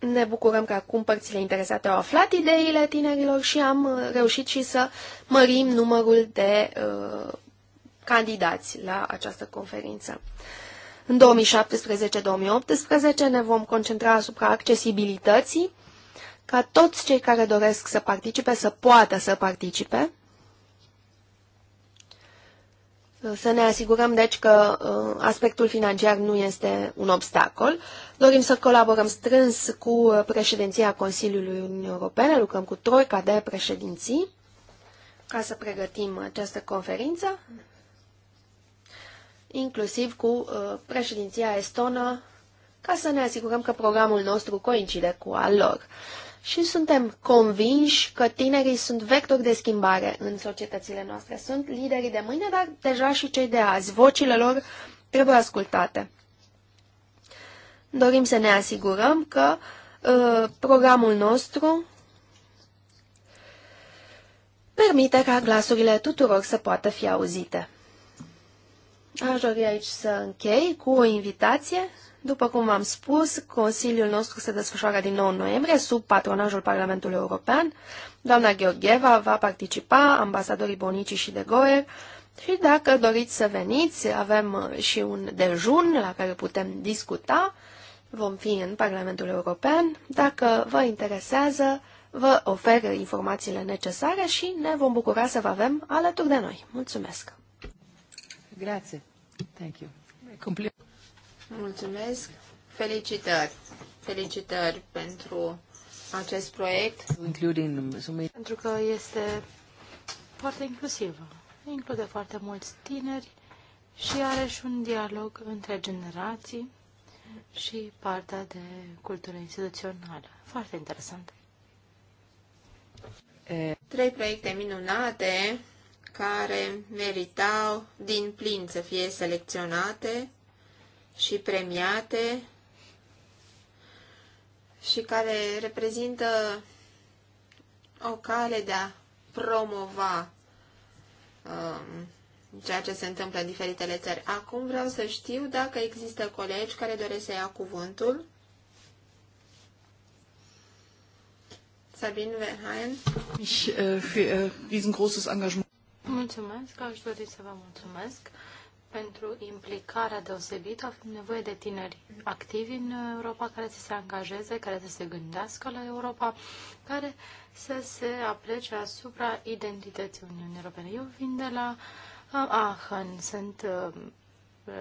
Ne bucurăm că acum părțile interesate au aflat ideile tinerilor și am uh, reușit și să mărim numărul de uh, candidați la această conferință. În 2017-2018 ne vom concentra asupra accesibilității, ca toți cei care doresc să participe să poată să participe. Să ne asigurăm, deci, că uh, aspectul financiar nu este un obstacol Dorim să colaborăm strâns cu președinția Consiliului Uniunii Europene, lucrăm cu troica de președinții ca să pregătim această conferință, inclusiv cu uh, președinția estonă, ca să ne asigurăm că programul nostru coincide cu al lor. Și suntem convinși că tinerii sunt vectori de schimbare în societățile noastre. Sunt liderii de mâine, dar deja și cei de azi. Vocile lor trebuie ascultate. Dorim să ne asigurăm că uh, programul nostru permite ca glasurile tuturor să poată fi auzite. Aș dori aici să închei cu o invitație. După cum v-am spus, Consiliul nostru se desfășoară din 9 noiembrie sub patronajul Parlamentului European. Doamna Gheorgheva va participa, ambasadorii Bonici și de Goer. Și dacă doriți să veniți, avem și un dejun la care putem discuta vom fi în Parlamentul European. Dacă vă interesează, vă ofer informațiile necesare și ne vom bucura să vă avem alături de noi. Mulțumesc! Grazie! Thank you! Mulțumesc! Felicitări! Felicitări pentru acest proiect. Pentru că este foarte inclusiv, Include foarte mulți tineri și are și un dialog între generații și partea de cultură instituțională. Foarte interesant. Trei proiecte minunate care meritau din plin să fie selecționate și premiate și care reprezintă o cale de a promova um, ceea ce se întâmplă în diferitele țări. Acum vreau să știu dacă există colegi care doresc să ia cuvântul. Sabine Verheyen. Ich, uh, für, uh, diesen großes Engagement. Mulțumesc, aș dori să vă mulțumesc pentru implicarea deosebită. Avem nevoie de tineri activi în Europa care să se angajeze, care să se gândească la Europa, care să se aplece asupra identității Uniunii Europene. Eu vin de la uh, Aachen, sunt uh,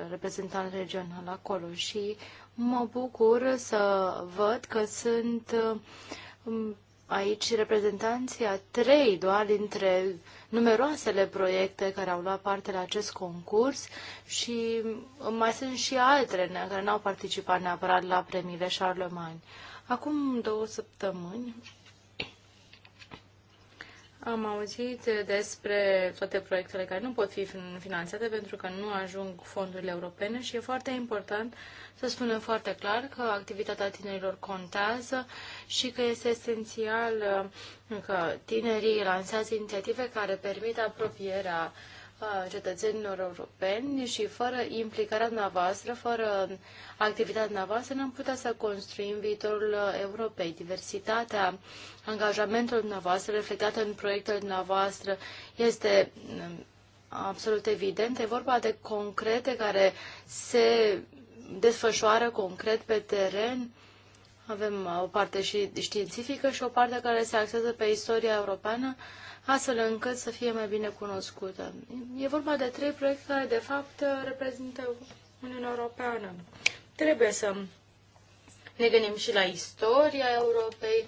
reprezentant regional acolo și mă bucur să văd că sunt um, aici reprezentanții a trei doar dintre numeroasele proiecte care au luat parte la acest concurs și mai sunt și altele care n-au participat neapărat la premiile Charlemagne. Acum două săptămâni am auzit despre toate proiectele care nu pot fi finanțate pentru că nu ajung fondurile europene și e foarte important să spunem foarte clar că activitatea tinerilor contează și că este esențial că tinerii lansează inițiative care permit apropierea cetățenilor europeni și fără implicarea dumneavoastră, fără activitatea dumneavoastră, n-am putea să construim viitorul Europei. Diversitatea, angajamentul dumneavoastră reflectat în proiectele dumneavoastră este mm, absolut evident. E vorba de concrete care se desfășoară concret pe teren. Avem o parte și științifică și o parte care se axează pe istoria europeană astfel încât să fie mai bine cunoscută. E vorba de trei proiecte care, de fapt, reprezintă Uniunea Europeană. Trebuie să ne gândim și la istoria Europei,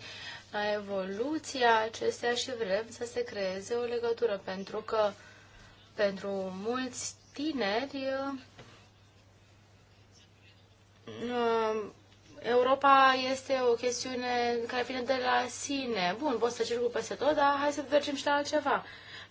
la evoluția acestea și vrem să se creeze o legătură, pentru că pentru mulți tineri uh, Europa este o chestiune care vine de la sine. Bun, pot să cu peste tot, dar hai să mergem și la altceva.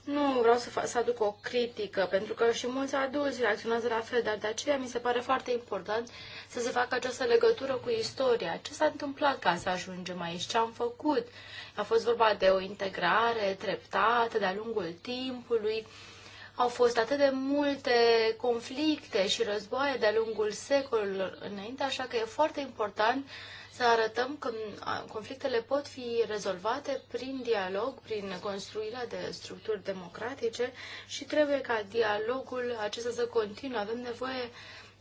Nu vreau să, să aduc o critică, pentru că și mulți adulți reacționează la fel, dar de aceea mi se pare foarte important să se facă această legătură cu istoria. Ce s-a întâmplat ca să ajungem aici? Ce am făcut? A fost vorba de o integrare treptată de-a lungul timpului au fost atât de multe conflicte și războaie de-a lungul secolelor înainte, așa că e foarte important să arătăm că conflictele pot fi rezolvate prin dialog, prin construirea de structuri democratice și trebuie ca dialogul acesta să continue. Avem nevoie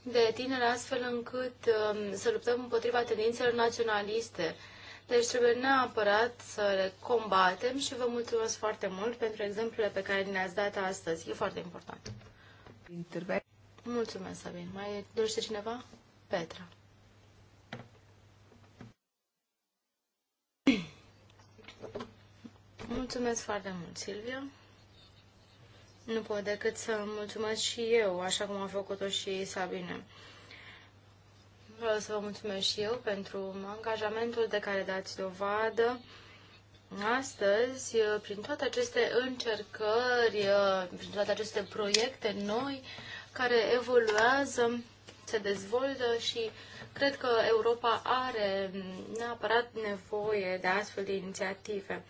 de tineri astfel încât um, să luptăm împotriva tendințelor naționaliste deci trebuie neapărat să le combatem și vă mulțumesc foarte mult pentru exemplele pe care ne-ați dat astăzi. E foarte important. Interve- mulțumesc, Sabin. Mai dorește cineva? Petra. Mulțumesc foarte mult, Silvia. Nu pot decât să mulțumesc și eu, așa cum a făcut-o și Sabine. Vreau să vă mulțumesc și eu pentru angajamentul de care dați dovadă astăzi, prin toate aceste încercări, prin toate aceste proiecte noi care evoluează, se dezvoltă și cred că Europa are neapărat nevoie de astfel de inițiative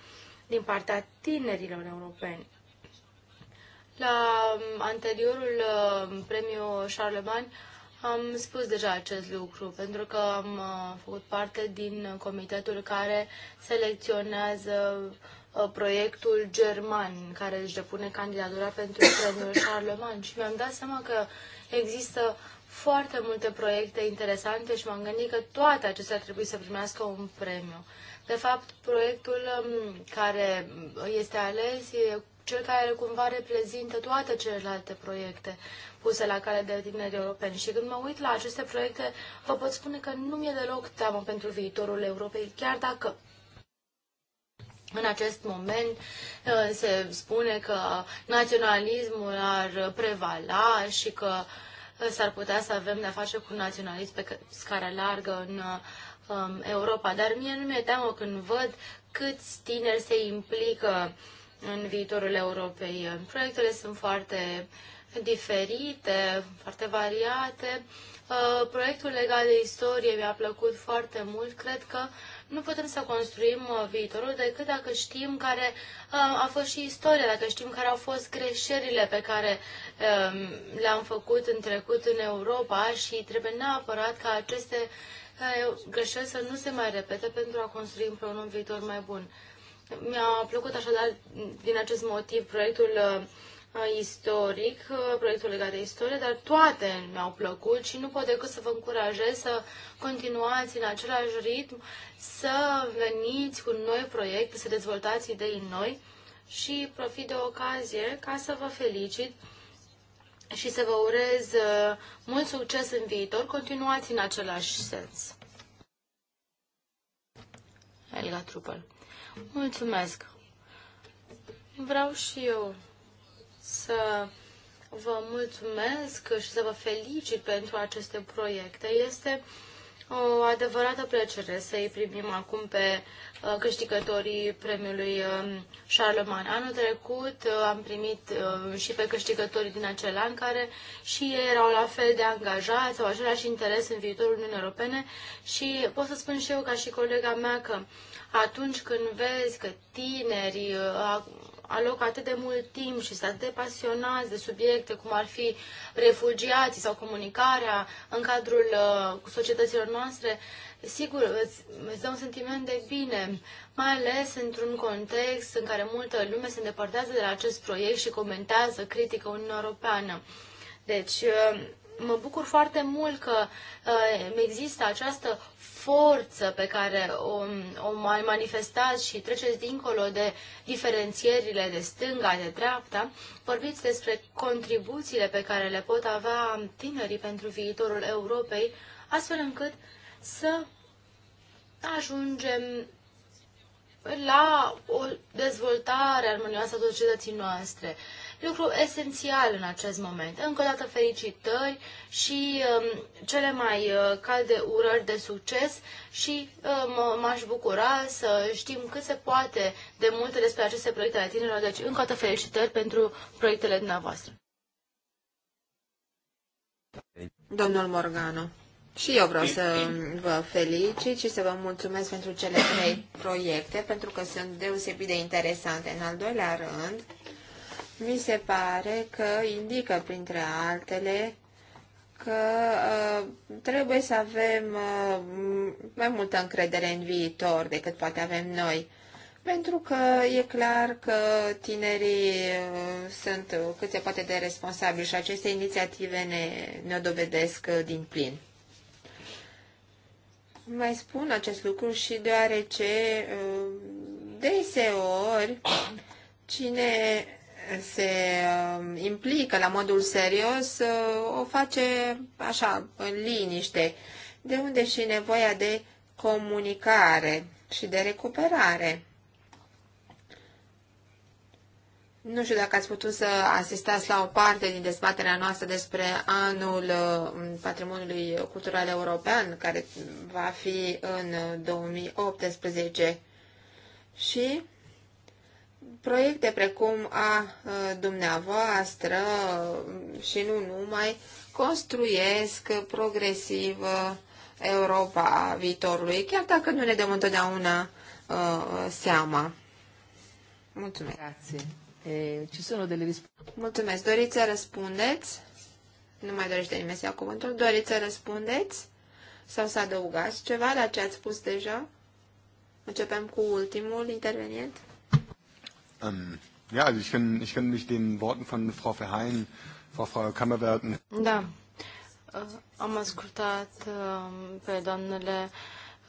din partea tinerilor europeni. La anteriorul uh, premiu Charlemagne am spus deja acest lucru, pentru că am uh, făcut parte din comitetul care selecționează uh, proiectul german care își depune candidatura pentru [coughs] premiul Charlemagne și mi-am dat seama că există foarte multe proiecte interesante și m-am gândit că toate acestea trebuie să primească un premiu. De fapt, proiectul um, care este ales e cel care cumva reprezintă toate celelalte proiecte puse la cale de tineri europeni. Și când mă uit la aceste proiecte, vă pot spune că nu mi-e deloc teamă pentru viitorul Europei, chiar dacă în acest moment uh, se spune că naționalismul ar prevala și că uh, s-ar putea să avem de-a face cu naționalism pe scară largă în uh, um, Europa. Dar mie nu mi-e teamă când văd câți tineri se implică uh, în viitorul Europei. Proiectele sunt foarte diferite, foarte variate. Uh, proiectul legat de istorie mi-a plăcut foarte mult. Cred că nu putem să construim uh, viitorul decât dacă știm care uh, a fost și istoria, dacă știm care au fost greșelile pe care um, le-am făcut în trecut în Europa și trebuie neapărat ca aceste greșeli să nu se mai repete pentru a construi împreună un viitor mai bun. Mi-a plăcut așadar din acest motiv proiectul uh, istoric, uh, proiectul legat de istorie, dar toate mi-au plăcut și nu pot decât să vă încurajez să continuați în același ritm, să veniți cu noi proiecte, să dezvoltați idei noi și profit de ocazie ca să vă felicit și să vă urez uh, mult succes în viitor. Continuați în același sens. Elga Trupăl. Mulțumesc! Vreau și eu să vă mulțumesc și să vă felicit pentru aceste proiecte. Este o adevărată plăcere să îi primim acum pe uh, câștigătorii premiului um, Charlemagne. Anul trecut uh, am primit uh, și pe câștigătorii din acel an care și ei erau la fel de angajați, au același interes în viitorul Uniunii Europene și pot să spun și eu ca și colega mea că atunci când vezi că tinerii uh, aloc atât de mult timp și sunt atât de pasionați de subiecte cum ar fi refugiații sau comunicarea în cadrul uh, societăților noastre, sigur, îți, îți dă un sentiment de bine, mai ales într-un context în care multă lume se îndepărtează de la acest proiect și comentează, critică Uniunea Europeană. Deci, uh, mă bucur foarte mult că uh, există această forță pe care o, o mai manifestați și treceți dincolo de diferențierile de stânga, de dreapta, vorbiți despre contribuțiile pe care le pot avea tinerii pentru viitorul Europei, astfel încât să ajungem la o dezvoltare armonioasă a societății noastre. Lucru esențial în acest moment. Încă o dată felicitări și um, cele mai uh, calde urări de succes și um, m-aș bucura să știm cât se poate de multe despre aceste proiecte ale tinerilor. Deci, încă o dată felicitări pentru proiectele dumneavoastră. Domnul Morgano. Și eu vreau să vă felicit și să vă mulțumesc pentru cele trei proiecte, pentru că sunt deosebit de interesante. În al doilea rând, mi se pare că indică, printre altele, că uh, trebuie să avem uh, mai multă încredere în viitor decât poate avem noi. Pentru că e clar că tinerii uh, sunt cât se poate de responsabili și aceste inițiative ne, ne dovedesc uh, din plin. Mai spun acest lucru și deoarece uh, deseori cine se uh, implică la modul serios uh, o face așa, în liniște, de unde și nevoia de comunicare și de recuperare. Nu știu dacă ați putut să asistați la o parte din dezbaterea noastră despre anul um, patrimoniului cultural european, care va fi în 2018. Uh, și proiecte precum a uh, dumneavoastră um, și nu numai construiesc progresiv Europa viitorului, chiar dacă nu ne dăm întotdeauna uh, seama. Mulțumesc. Grazie. E, ci sono delle risposte. Mulțumesc. Doriți să răspundeți? Nu mai dorește nimeni să ia cuvântul. Doriți să răspundeți? Sau să adăugați ceva la ce ați spus deja? Începem cu ultimul intervenient. Um, ja, also ich kann, ich kann mich den Worten von Frau Verheyen, Frau, Frau Kammerwerten. Da. Am ascultat um, pe doamnele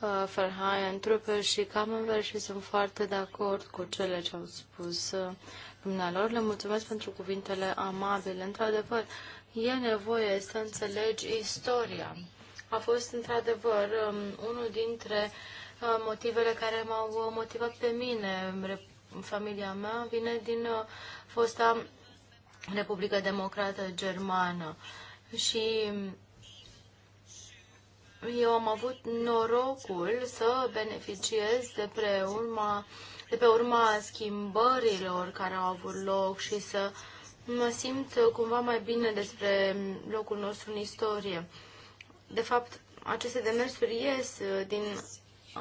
uh, Verheyen, Trupe și Kammerwerten și sunt foarte de acord cu cele ce au spus dumnealor. Le mulțumesc pentru cuvintele amabile. Într-adevăr, e nevoie să înțelegi istoria. A fost, într-adevăr, um, unul dintre uh, motivele care m-au uh, motivat pe mine. Familia mea vine din uh, fosta Republică Democrată Germană și um, eu am avut norocul să beneficiez de preurma urma de pe urma schimbărilor care au avut loc și să mă simt cumva mai bine despre locul nostru în istorie. De fapt, aceste demersuri ies uh, din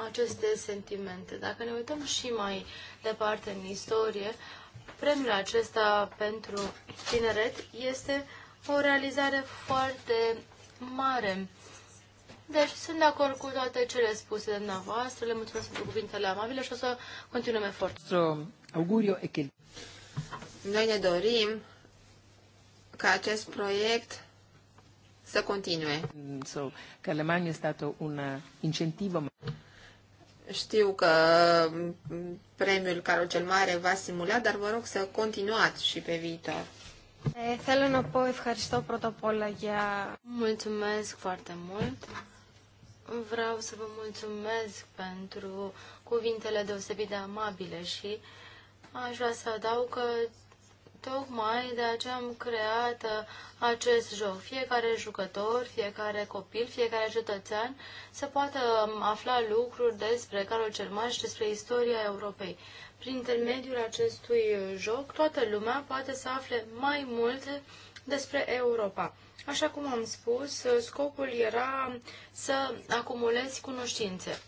aceste sentimente. Dacă ne uităm și mai departe în istorie, premiul acesta pentru tineret este o realizare foarte mare deci sunt de acord cu toate cele spuse de dumneavoastră, le mulțumesc pentru cuvintele amabile și o să continuăm efortul. Augurio e Noi ne dorim ca acest proiect să continue. So, că Alemania este stat un incentivo. Știu că mm, premiul Carol cel Mare va simula, dar vă rog să continuați și pe viitor. Eh, θέλω να πω ευχαριστώ πρώτα απ' όλα για... Mulțumesc foarte mult vreau să vă mulțumesc pentru cuvintele deosebit de amabile și aș vrea să adaug că tocmai de aceea am creat uh, acest joc. Fiecare jucător, fiecare copil, fiecare cetățean să poată um, afla lucruri despre Carol cel Mare și despre istoria Europei. Prin intermediul acestui uh, joc, toată lumea poate să afle mai mult despre Europa. Așa cum am spus, scopul era să acumulezi cunoștințe.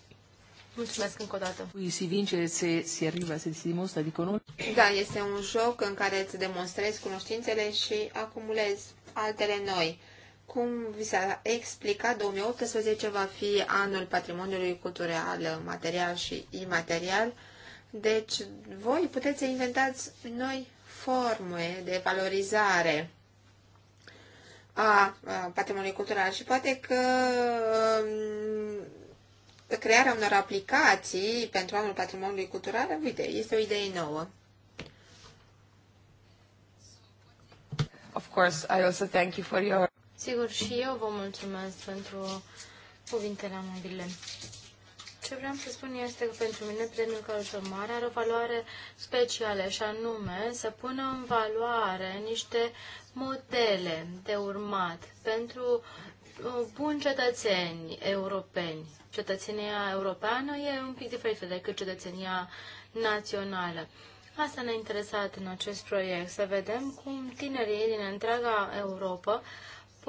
Mulțumesc încă o dată. Si vince, se, se arriva, se, se dimostra adică cunoștințe. Da, este un joc în care îți demonstrezi cunoștințele și acumulezi altele noi. Cum vi s-a explicat, 2018 va fi anul patrimoniului cultural, material și imaterial. Deci, voi puteți să inventați noi forme de valorizare a patrimoniului cultural și poate um, că crearea unor aplicații pentru anul patrimoniului cultural, uite, este o idee nouă. Of course, I also thank you for your... Sigur, și eu vă mulțumesc pentru cuvintele amabile. Ce vreau să spun este că pentru mine premiul Călător Mare are o valoare specială și anume să pună în valoare niște modele de urmat pentru uh, buni cetățeni europeni. Cetățenia europeană e un pic diferită decât cetățenia națională. Asta ne-a interesat în acest proiect, să vedem cum tinerii din întreaga Europa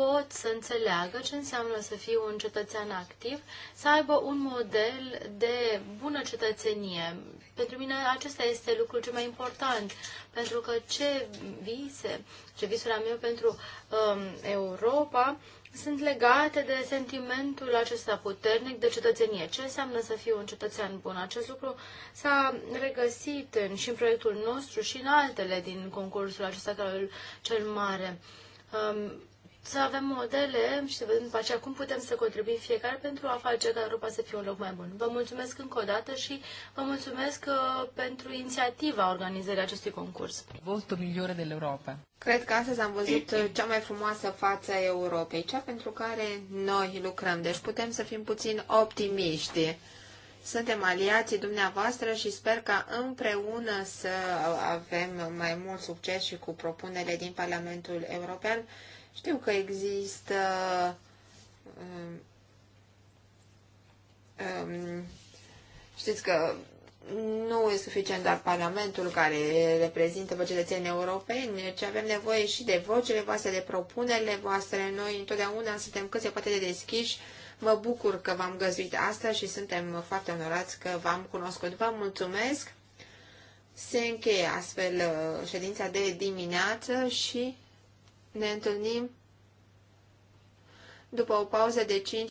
pot să înțeleagă ce înseamnă să fie un cetățean activ, să aibă un model de bună cetățenie. Pentru mine acesta este lucrul cel mai important, pentru că ce vise, ce visuri am eu pentru um, Europa sunt legate de sentimentul acesta puternic de cetățenie. Ce înseamnă să fii un cetățean bun? Acest lucru s-a regăsit în, și în proiectul nostru și în altele din concursul acesta cel mare. Um, să avem modele și să vedem după aceea cum putem să contribuim fiecare pentru a face ca Europa să fie un loc mai bun. Vă mulțumesc încă o dată și vă mulțumesc uh, pentru inițiativa organizării acestui concurs. Votul migliore Europa. Cred că astăzi am văzut uh, cea mai frumoasă față a Europei, cea pentru care noi lucrăm, deci putem să fim puțin optimiști. Suntem aliații dumneavoastră și sper ca împreună să avem mai mult succes și cu propunerile din Parlamentul European știu că există um, um, știți că nu e suficient doar Parlamentul care reprezintă pe cetățenii europeni, ci avem nevoie și de vocele voastre, de propunerile voastre. Noi întotdeauna suntem cât se poate de deschiși. Mă bucur că v-am găzduit asta și suntem foarte onorați că v-am cunoscut. Vă mulțumesc! Se încheie astfel uh, ședința de dimineață și ne întâlnim după o pauză de 5